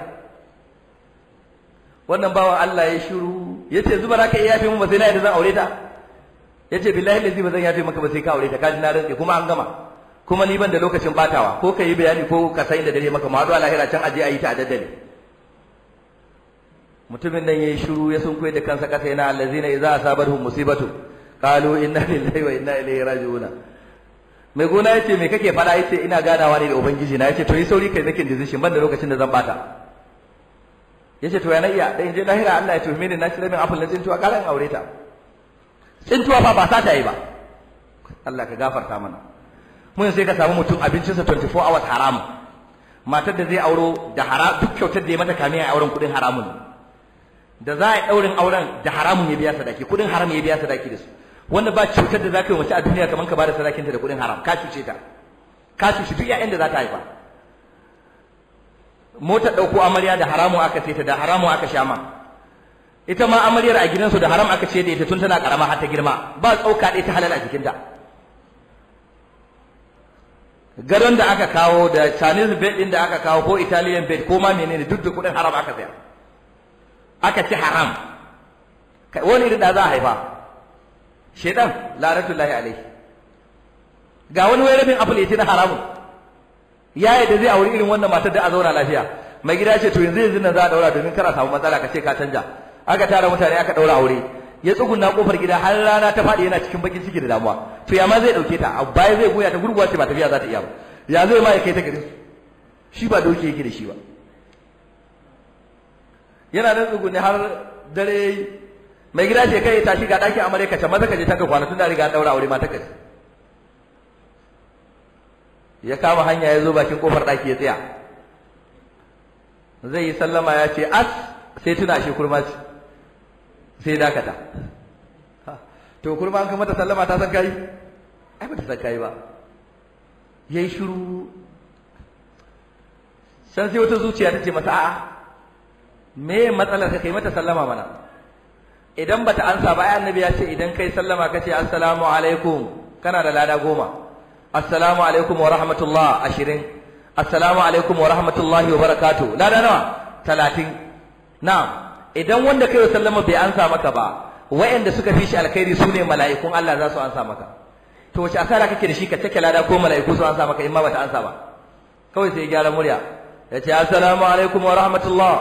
wannan bawa Allah ya shiru yace zuba ba za iya yafe mun ba sai na yadda zan aure ta yace billahi lazi ba zan yafe maka ba sai ka aure ta kaji na rantsi kuma an gama kuma ni ban da lokacin batawa ko ka yi bayani ko ka sai da dare maka ma zuwa lahira can aje ayi ta a daddare mutumin nan yayi shiru ya sun da kansa kasa yana allazina idza asabatuhum musibatu qalu inna lillahi wa inna ilaihi raji'un mai gona yace me kake fada yace ina ganawa ne da ubangiji na yace to yi sauri kai nake decision ban da lokacin da zan bata yace to yana iya dan je lahira Allah ya tuhume ni na shi rabin apple na tsintuwa karan aure ta tsintuwa fa ba sa ta yi ba Allah ka gafarta mana mun sai ka samu mutum abincinsa 24 hours haramun matar da zai auro da haram duk kyautar da ya mata kamiya auren kudin haramun da za a yi daurin auren da haramun ya biya sadaki kudin haram ya biya sadaki da su wanda ba cutar da za ka yi mace a duniya kamar ka ba da sadakinta da kudin haram ka cuce ta ka cuce duk 'ya'yan da za ta haifa mota ɗauko amarya da haramu aka ce ta da haramu aka sha ma ita ma amaryar a gidansu da haram aka ce da ita tun tana karama har ta girma ba tsauka ɗaya ta halal a jikinta gadon da aka kawo da chinese bed ɗin da aka kawo ko italian bed ko ma menene duk da kuɗin haram aka sayar aka ci haram wani irin da za a haifa shedan larantullahi alaihi ga wani wai rabin apple ya na haramun ya yadda zai aure irin wannan matar da a zauna lafiya mai gida ce to yanzu yanzu nan za a daura domin kar a samu matsala ka ce ka canja aka tara mutane aka daura aure ya tsugunna kofar gida har rana ta faɗi yana cikin bakin ciki da damuwa to ya ma zai dauke ta a baya zai goya ta gurguwa ce ba tafiya za ta iya ba ya zai ma ya kai ta garin shi ba doke yake da shi ba yana nan tsugunne har dare mai gida ce kai tashi ga daki amare ka ce maza ka je ta ka kwana tun da riga daura aure ma ta kace ya kama hanya ya zo bakin kofar ɗaki ya tsaya zai yi sallama ya ce as sai tuna shi kurma ce sai dakata to kurma an kama ta sallama ta san kai ai ba ta san kai ba yayi shiru san sai wata zuciya ta ce mata a'a me matsalar ka kai mata sallama mana idan bata ansa ba ai annabi ya ce idan kai sallama kace assalamu alaikum kana da lada goma assalamu alaikum wa rahmatullah ashirin assalamu alaikum wa rahmatullahi wa na lada nawa talatin na idan wanda kai sallama bai ansa maka ba wa'anda suka fi shi alkhairi su ne mala'ikun Allah za su ansa maka to wace asara kake da shi ka take lada ko mala'iku su ansa maka in ma bata ansa ba kawai sai gyara murya ya ce assalamu alaikum wa rahmatullah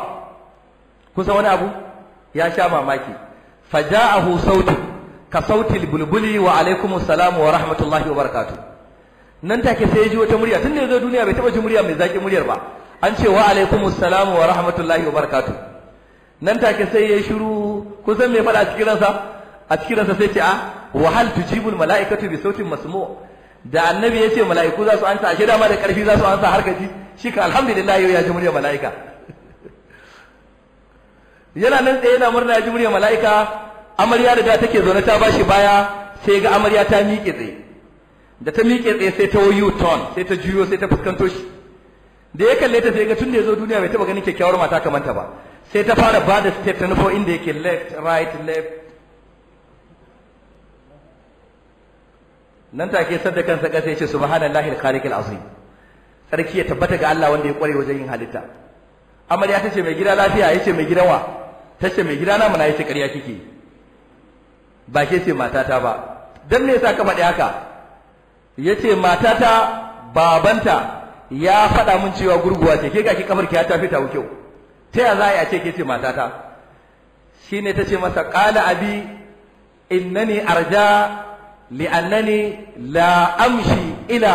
kusa wani abu ya sha mamaki faja'ahu sautu ka sautil bulbuli wa alaikumus salam wa rahmatullahi wa barakatuh nan take sai ya ji wata murya tun da ya zo duniya bai taɓa ji murya mai zaƙi muryar ba an ce wa alaikum salamu wa rahmatullahi wa barakatu nan take sai ya shiru ku san me faɗa a cikin ransa a cikin ransa sai ce a ah, wahal tujibul mala'ikatu bi sautin masmu da annabi ya ce mala'iku za su ansa ashe dama da ƙarfi za su ansa gaji shi ka alhamdulillah ya ji muryar mala'ika yana nan tsaye yana murna ya ji muryar mala'ika amarya da da take zaune ta bashi baya sai ga amarya ta miƙe tsaye da ta miƙe tsaye sai ta wayu ton sai ta juyo sai ta fuskanto shi da ya kalle ta sai ga tun da ya zo duniya bai taba ganin kyakkyawar mata kamar ta ba sai ta fara ba da step ta nufo inda yake left right left nan take sadda kansa ƙasa ya ce subhanallahi al-khaliqil azim sarki ya tabbata ga Allah wanda ya kware wajen yin halitta amarya ce mai gida lafiya yace mai gida wa ce mai gida na ya ce ƙarya kike ba ke ce matata ba dan me yasa ka faɗi haka Ya yace matata babanta ya faɗa min cewa gurguwa ce ke ga ki kamar ki ya tafi ta kyau ta ya za a ce ke ce matata shine ta ce masa qala abi innani arja li'annani la amshi ila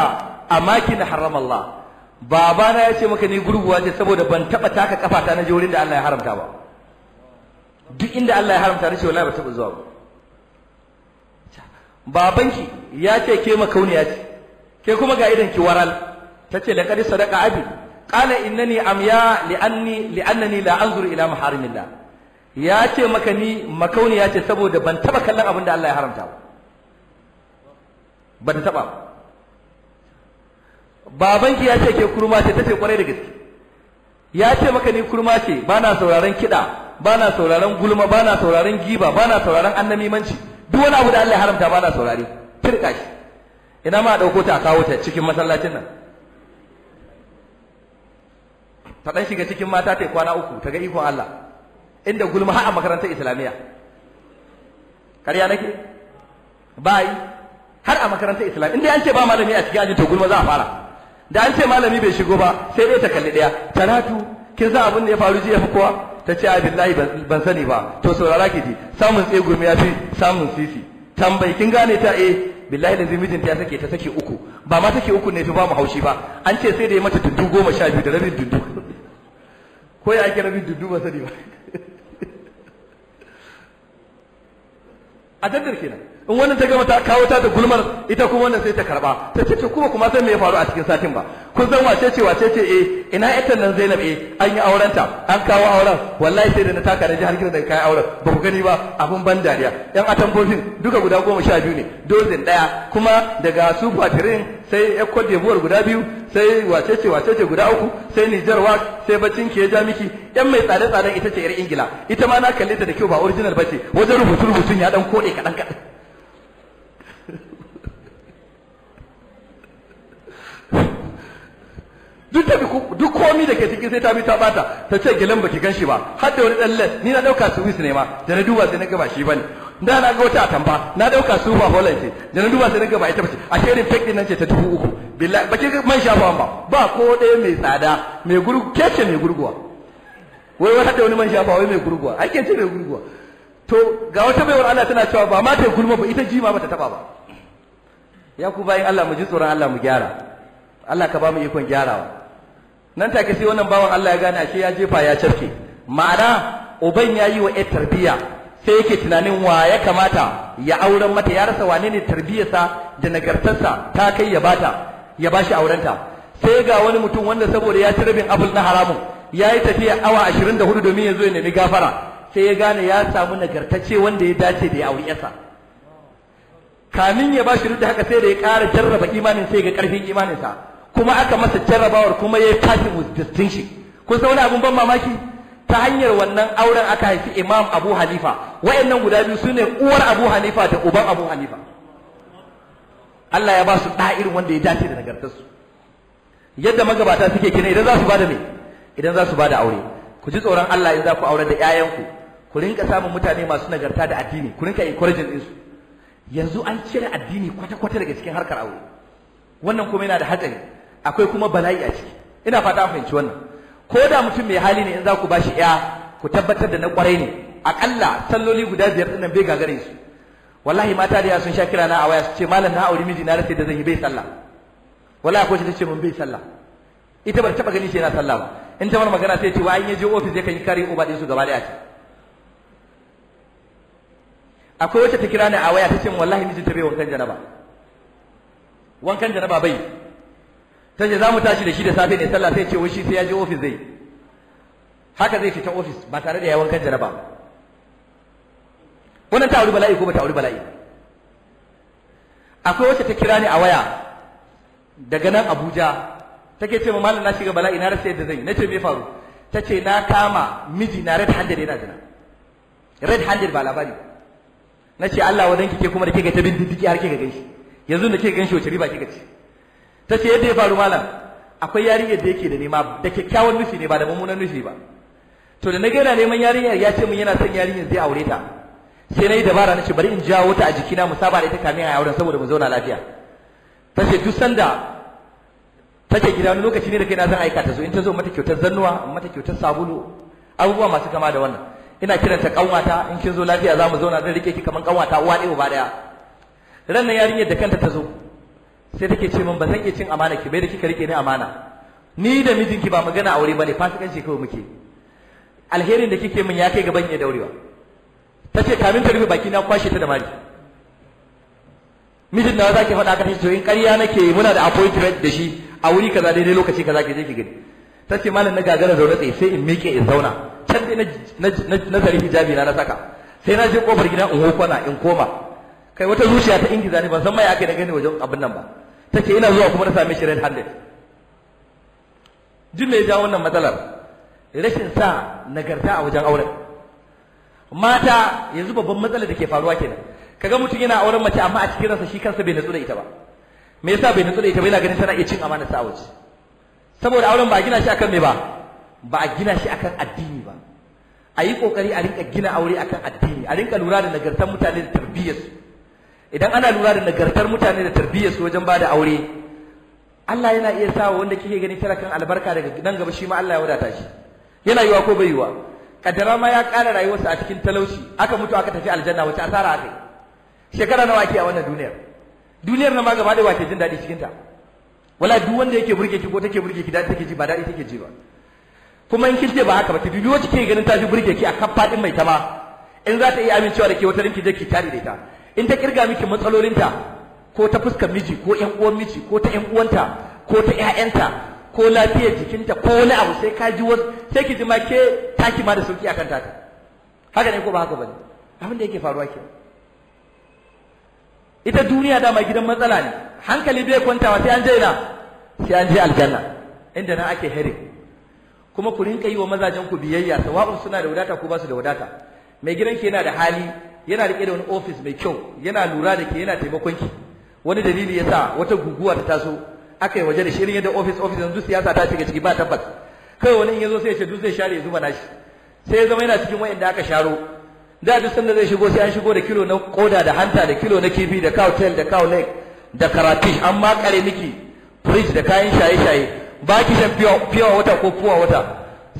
amakin haramallah babana ya ce maka ni gurguwa ce saboda ban taba taka ƙafata na jorin wurin da Allah ya haramta ba duk inda Allah ya haramta ni ce wallahi ba taba zuwa ba babanki ya ce ke makauniya ce ke kuma ga idan ki waral ce laqad sadaqa abi qala innani amya li annani la anzuru ila maharimillah ya ce maka ni makauniya ce saboda ban taba kallon abin da Allah ya haramta ba ban taba babanki ya ce ke kurma ce tace kwarai da gaske ya ce maka ni kurma ce bana sauraron kida bana sauraron gulma bana sauraron giba bana sauraron annamimanci duk wani abu da Allah ya haramta ba na saurari firka shi ina ma dauko ta kawo ta cikin masallacin nan ta dan shiga cikin mata ta kwana uku ta ga ikon Allah inda gulma har a makarantar islamiyya karya nake bai har a makarantar islam inda an ce ba malami a cikin ajin to gulma za a fara da an ce malami bai shigo ba sai dai ta kalli daya talatu kin za abin da ya faru jiya kowa ta ce abin billahi ban sani ba to saurara ki ji samun tsegumi ya fi samun sisi tambayi kin gane ta e billahi da mijinta ya sake ta sake uku ba ma take uku ne ta ba mu haushi ba an ce sai da ya mata dundu goma sha biyu da rabin dundu ko ya ake rabin dundu ba sani ba a daddar kenan in wannan ta gama ta kawo ta da gulmar ita kuma wannan sai ta karba ta ce kuma kuma sai me ya faru a cikin satin ba kun san wace ce wace ce eh ina ita nan Zainab a, eh, an yi auren ta an kawo auren wallahi sai da na taka na ji har gidan da kai auren ba ku gani ba abun ban dariya yan atambofin duka guda goma sha biyu ne dozin daya kuma daga Super train sai ekko debuwar guda biyu sai wace ce wace ce guda uku sai Niger wa sai bacin ke ja miki yan mai tsare-tsaren ita ce yar Ingila ita ma na kalle ta da kyau ba original bace wajen rubutu rubutun ya dan kode kadan kadan duk da duk komi da ke cikin sai ta bi ta bata ta ce gilan baki gan shi ba har da wani dan ni na dauka su ne ma da na duba sai na gaba shi bane da na ga wata tamba na dauka su ba Holland ce da na duba sai na gaba ba ita bace a shirin fake din nan ce ta dubu uku billahi baki man sha ba ba ko ɗaya mai tsada mai gurgu kece mai gurguwa wai wata da wani man ba wai mai gurguwa ai kece mai gurguwa to ga wata baiwar Allah tana cewa ba ma ta gulma ba ita jima ba ta taba ba ya ku bayin Allah mu ji tsoron Allah mu gyara Allah ka ba mu ikon gyarawa nan take sai wannan bawan Allah ya gane ashe ya jefa ya cafke ma'ana uban ya yi wa ƴar tarbiyya sai yake tunanin wa ya kamata ya auren mata ya rasa wane ne tarbiyyarsa da nagartarsa ta kai ya bata ya bashi aurenta sai ga wani mutum wanda saboda ya ci rabin abul na haramun ya yi tafiya awa ashirin da hudu domin ya zo ya nemi gafara sai ya gane ya samu nagartacce wanda ya dace da ya auri yasa kamin ya bashi duk da haka sai da ya kara jarraba imanin sai ga ƙarfin imaninsa kuma aka masa jarrabawar kuma ya yi passing with distinction kun san wani abun ban mamaki ta hanyar wannan auren aka haifi Imam Abu Hanifa nan guda biyu su ne uwar Abu Hanifa da uban Abu Hanifa Allah ya ba su da irin wanda ya dace da nagartarsu yadda magabata suke kina idan za su bada me idan za su bada aure ku ji tsoron Allah in za ku aure da ƴaƴanku ku rinka samun mutane masu nagarta da addini ku rinka encouraging din su yanzu an cire addini kwata-kwata daga cikin harkar aure wannan kuma yana da hatsari akwai kuma bala'i a ciki ina fata fahimci wannan ko da mutum mai hali ne in za ku bashi ya ku tabbatar da na kwarai ne akalla salloli guda biyar ɗin nan bai gagare su wallahi mata da sun sha kira na a waya su ce malam na aure miji na rasa da zan yi bai sallah wallahi akwai shi ta ce mun bai sallah ita ba taba gani shi yana sallah ba in ta magana sai ce wa an je ofis ya kan yi kare uba ɗaya su gaba ce. akwai wacce ta kira ni a waya ta ce wallahi miji ta bai wankan janaba wankan janaba bai Ta ce za mu tashi da shi da safe ne sallah sai ce wai shi sai ya je ofis zai haka zai fita ofis ba tare da ya wankan jaraba ba wannan ta auri bala'i ko ba ta auri bala'i akwai wacce ta kira ni a waya daga nan Abuja take ce ma mallam na shiga bala'i na rasa yadda zai nace me faru tace na kama miji na red handed yana zina red handed ba labari nace Allah wadanki ke kuma da kike ta bin har har ga ganshi yanzu da kike ganshi wace riba kika ci ce yadda ya faru malam akwai yarinyar da yake da nema da kyakkyawan nufi ne ba da mummunan nufi ba to da na ga neman yarinyar ya ce min yana son yarinyar zai aure ta sai na yi dabara na ce bari in jawo ta a jikina mu saba da ita kamin a auren saboda mu zauna lafiya ta ce duk sanda ta ce gida wani lokaci ne da kai na zan aika ta zo in ta zo mata kyautar zannuwa mata kyautar sabulu abubuwa masu kama da wannan ina kiranta kanwata in kin zo lafiya za mu zauna zan rike ki kamar kanwata uwa ɗaya uba ɗaya ran nan yarinyar da kanta ta zo sai take ce min ba zan iya cin amana ki bai da kika rike ni amana ni da mijinki ba magana aure bane fasikanci kawai muke alherin da kike min ya kai gaban ya daurewa tace kamin ta rufe baki na kwashe ta da mari mijin nawa zaki faɗa ka tace to in ƙarya nake muna da appointment da shi a wuri kaza daidai lokaci kaza ki je ki gani tace malam na gagara zaune tsaye sai in miƙe in zauna can dai na zari hijabi na na saka sai na je kofar gida in hokona in koma kai wata zuciya ta ingiza ne ban san mai ake da gani wajen abin nan ba take ina zuwa kuma na same shi red handed jin me ya jawo wannan matsalar rashin sa nagarta a wajen auren mata yanzu babban matsalar da ke faruwa kenan kaga mutum yana auren mace amma a cikin ransa shi kansa bai natsu da ita ba me yasa bai natsu da ita ba yana ganin tana iya cin amana sa waje saboda auren ba a gina shi akan me ba ba a gina shi akan addini ba a yi kokari a rinka gina aure akan addini a rinka lura da nagartar mutane da tarbiyyarsu idan ana lura da nagartar mutane da tarbiyyar su wajen bada aure Allah yana iya sa wanda kike gani talakan albarka daga nan gaba shi ma Allah ya wadata shi yana yiwa ko bai yiwa kaddara ma ya ƙara rayuwarsa a cikin talauci aka mutu aka tafi aljanna wace asara aka shekara nawa ake a wannan duniyar duniyar na ma gaba da wace jin dadi cikin ta wala duk wanda yake burge ki ko take burge ki daɗi take ji ba daɗi take ji ba kuma in kin ce ba haka ba ki duniyar kike ganin ta ji burge ki a kan mai tama in za ta iya amincewa da ke wata rinki je ki tare da ita in ta kirga miki matsalolinta ko ta fuskar miji ko ƴan uwan miji ko ta ƴan uwanta ko ta ƴaƴanta ko lafiyar jikinta ko wani abu sai ka ji wasu sai ki ji ma ke taki ma da sauki akan tata haka ne ko ba haka bane abin da yake faruwa ke ita duniya da dama gidan matsala ne hankali bai kwantawa sai an je ina sai an je aljanna inda nan ake hare kuma ku rinka yi wa mazajen ku biyayya sawa'un suna da wadata ko ba su da wadata mai gidan ke yana da hali yana rike da wani ofis mai kyau yana lura da ke yana taimakon ki wani dalili ya sa wata guguwa ta taso aka yi waje da shirin yadda office office yanzu siyasa ta shiga ciki ba tabbas kai wani in ya zo sai ya ce duk zai share ya zuba nashi sai ya zama yana cikin wayanda aka sharo da duk sanda zai shigo sai an shigo da kilo na koda da hanta da kilo na kifi da cow tail da cow leg da karatish an makare miki fridge da kayan shaye-shaye ba ki shan pure wata ko puwa wata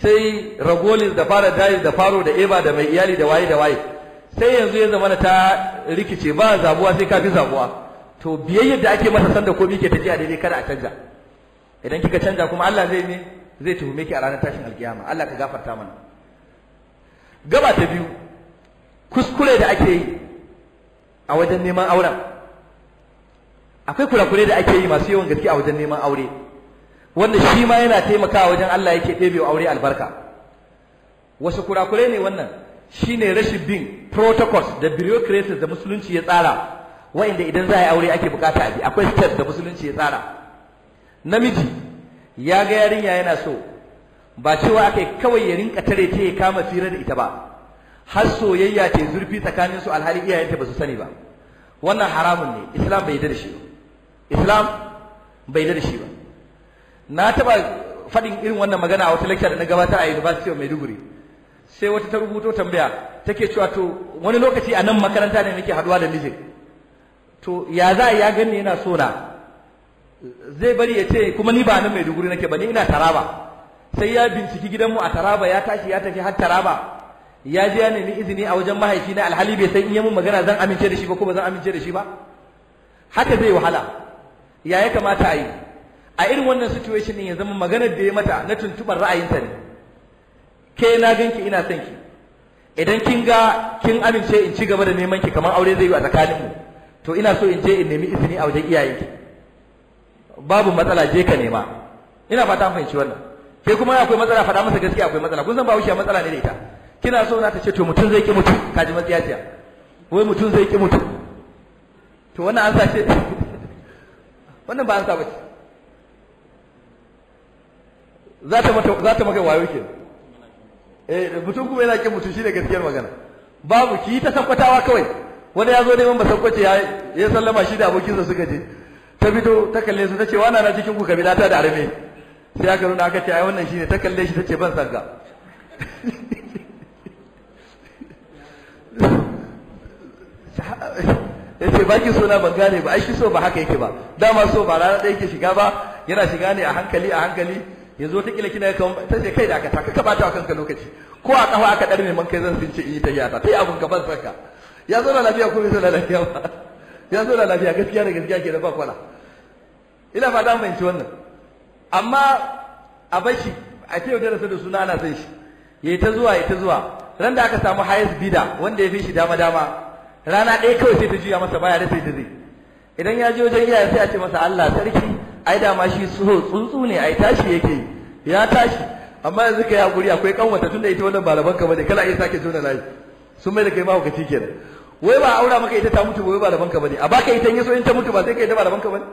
sai ragolis da fara dais da faro da eba da mai iyali da waye da waye sai yanzu ya zama ta rikice ba zabuwa sai ka fi zabuwa to biyayyar da ake masa sanda komi ke tafiya daidai kada a canja idan kika canja kuma Allah zai ne zai tuhume ki a ranar tashin alkiyama Allah ka gafarta mana gaba ta biyu kuskure da ake yi a wajen neman auren akwai kurakure da ake yi masu yawan gaske a wajen neman aure wanda shi ma yana taimakawa wajen Allah yake ɗebe aure albarka wasu kurakure ne wannan shine rashin bin protocols da bureaucracies da musulunci ya tsara wa'inda idan za a yi aure ake bukata a bi akwai steps da musulunci ya tsara namiji ya ga yarinya yana so ba cewa aka kawai ya rinka tare ta ya kama fira da ita ba har soyayya ce zurfi tsakanin su alhali iyayenta ba su sani ba wannan haramun ne islam bai da shi ba islam bai da shi ba na taba faɗin irin wannan magana a wata lecture da na gabata a University of Maiduguri sai wata ta rubuto tambaya take cewa to wani lokaci a nan makaranta ne nake haduwa da mijin to ya za ya gani yana so na zai bari ya ce kuma ni ba nan mai duguri nake ba ni ina Taraba sai ya binciki gidanmu a Taraba ya tashi ya tafi har Taraba ya je ya nemi izini a wajen mahaifi na, alhali bai san in yi mun magana zan amince da shi ba ko ba zan amince da shi ba haka zai wahala ya ya kamata a yi a irin wannan situation ya zama maganar da ya mata na tuntuɓar ra'ayinta ne ke na ganki ina son ki idan kin ga kin amince in ci gaba da neman ki kamar aure zai yi a tsakaninmu to ina so in je in nemi izini a wajen iyayenki babu matsala je ka nema ina fata an fahimci wannan ke kuma akwai matsala faɗa masa gaskiya akwai matsala kun san ba wuce matsala ne da ita kina so na ta ce to mutum zai ki mutu kaji matsiyaciya wai mutum zai ki mutu to wannan an sace wannan ba an sa bace za ta maka wayo kenan Eh, mutum kuma yana kin mutum shine gaskiyar magana babu ki ta tabbatawa kawai wani ya zo neman ba sakwace ya ya sallama shi da abokinsa suka je ta fito ta kalle su tace wannan na cikin ku kabila ta da arme sai aka nuna aka ce ai wannan shine ta kalle shi tace ban sanga yace ba ki na ban gane ba ai shi so ba haka yake ba dama so ba rana ɗaya yake shiga ba yana shiga ne a hankali a hankali yanzu wata kila kina kawo ta ce kai da aka taka kaka bata a kanka lokaci ko a kafa aka ɗarme man kai zan sun ce in yi ta ta yi abun gaban saka ya zo lafiya ko bai zo lafiya ba ya zo lafiya gaskiya da gaskiya ke da ba kwala ina fata mun fahimci wannan amma a bashi a ce yau darasa da suna ana san shi yayi ta zuwa yayi ta zuwa ran da aka samu highest bidder wanda ya fi shi dama dama rana ɗaya kawai sai ta juya masa baya da sai ta zai idan ya je wajen iyaye sai a ce masa Allah sarki ai da ma shi so tsuntsu ne ai tashi yake ya tashi amma yanzu kai hakuri akwai kanwata tunda ita wannan balaban ka bane kala iya sake jona layi sun mai da kai ma hukaci kenan wai ba aura maka ita ta mutu ba wai balaban ka bane a baka ita in so in ta mutu ba sai kai da balaban ka bane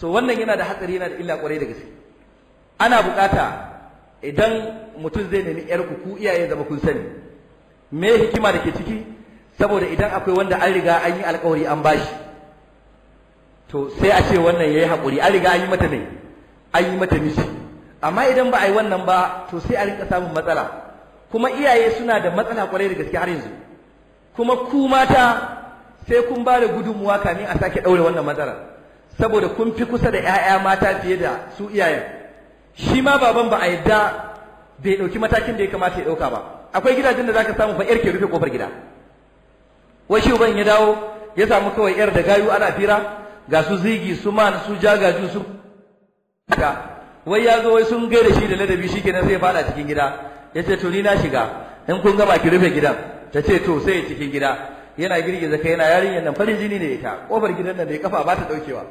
to wannan yana da hatsari yana da illa kwarai da gaske ana bukata idan mutum zai nemi yar ku iyaye zama kun sani me hikima da ke ciki saboda idan akwai wanda an riga an yi alkawari an bashi to sai a ce wannan yayi hakuri an riga an yi mata ne an yi mata miji amma idan ba a yi wannan ba to sai a rinka samun matsala kuma iyaye suna da matsala kwarai da gaske har yanzu kuma ku mata sai kun ba da gudunmuwa kamin a sake ɗaure wannan matsalar saboda kun fi kusa da 'ya'ya mata fiye da su iyayen shi ma baban ba a yadda bai ɗauki matakin da ya kamata ya ɗauka ba akwai gidajen da za ka samu fa ke rufe kofar gida wai shi uban ya dawo ya samu kawai yar da gayu ana fira ga su zigi su man su jagaju su ka wai ya zo wai sun gaida shi da ladabi shi kenan zai fada cikin gida Ya ce to ni na shiga in kun gama ki rufe gidan Ta ce to sai cikin gida yana girgiza kai yana yarinyar nan farin jini ne ita kofar gidan nan da kafa ba ta daukewa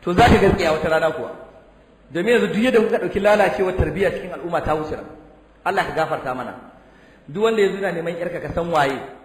to za ka gaskiya wata rana kuwa domin yanzu duk yadda kuka dauki lalacewar tarbiyya cikin al'umma ta wuce Allah ka gafarta mana duk wanda yanzu na neman yarka ka san waye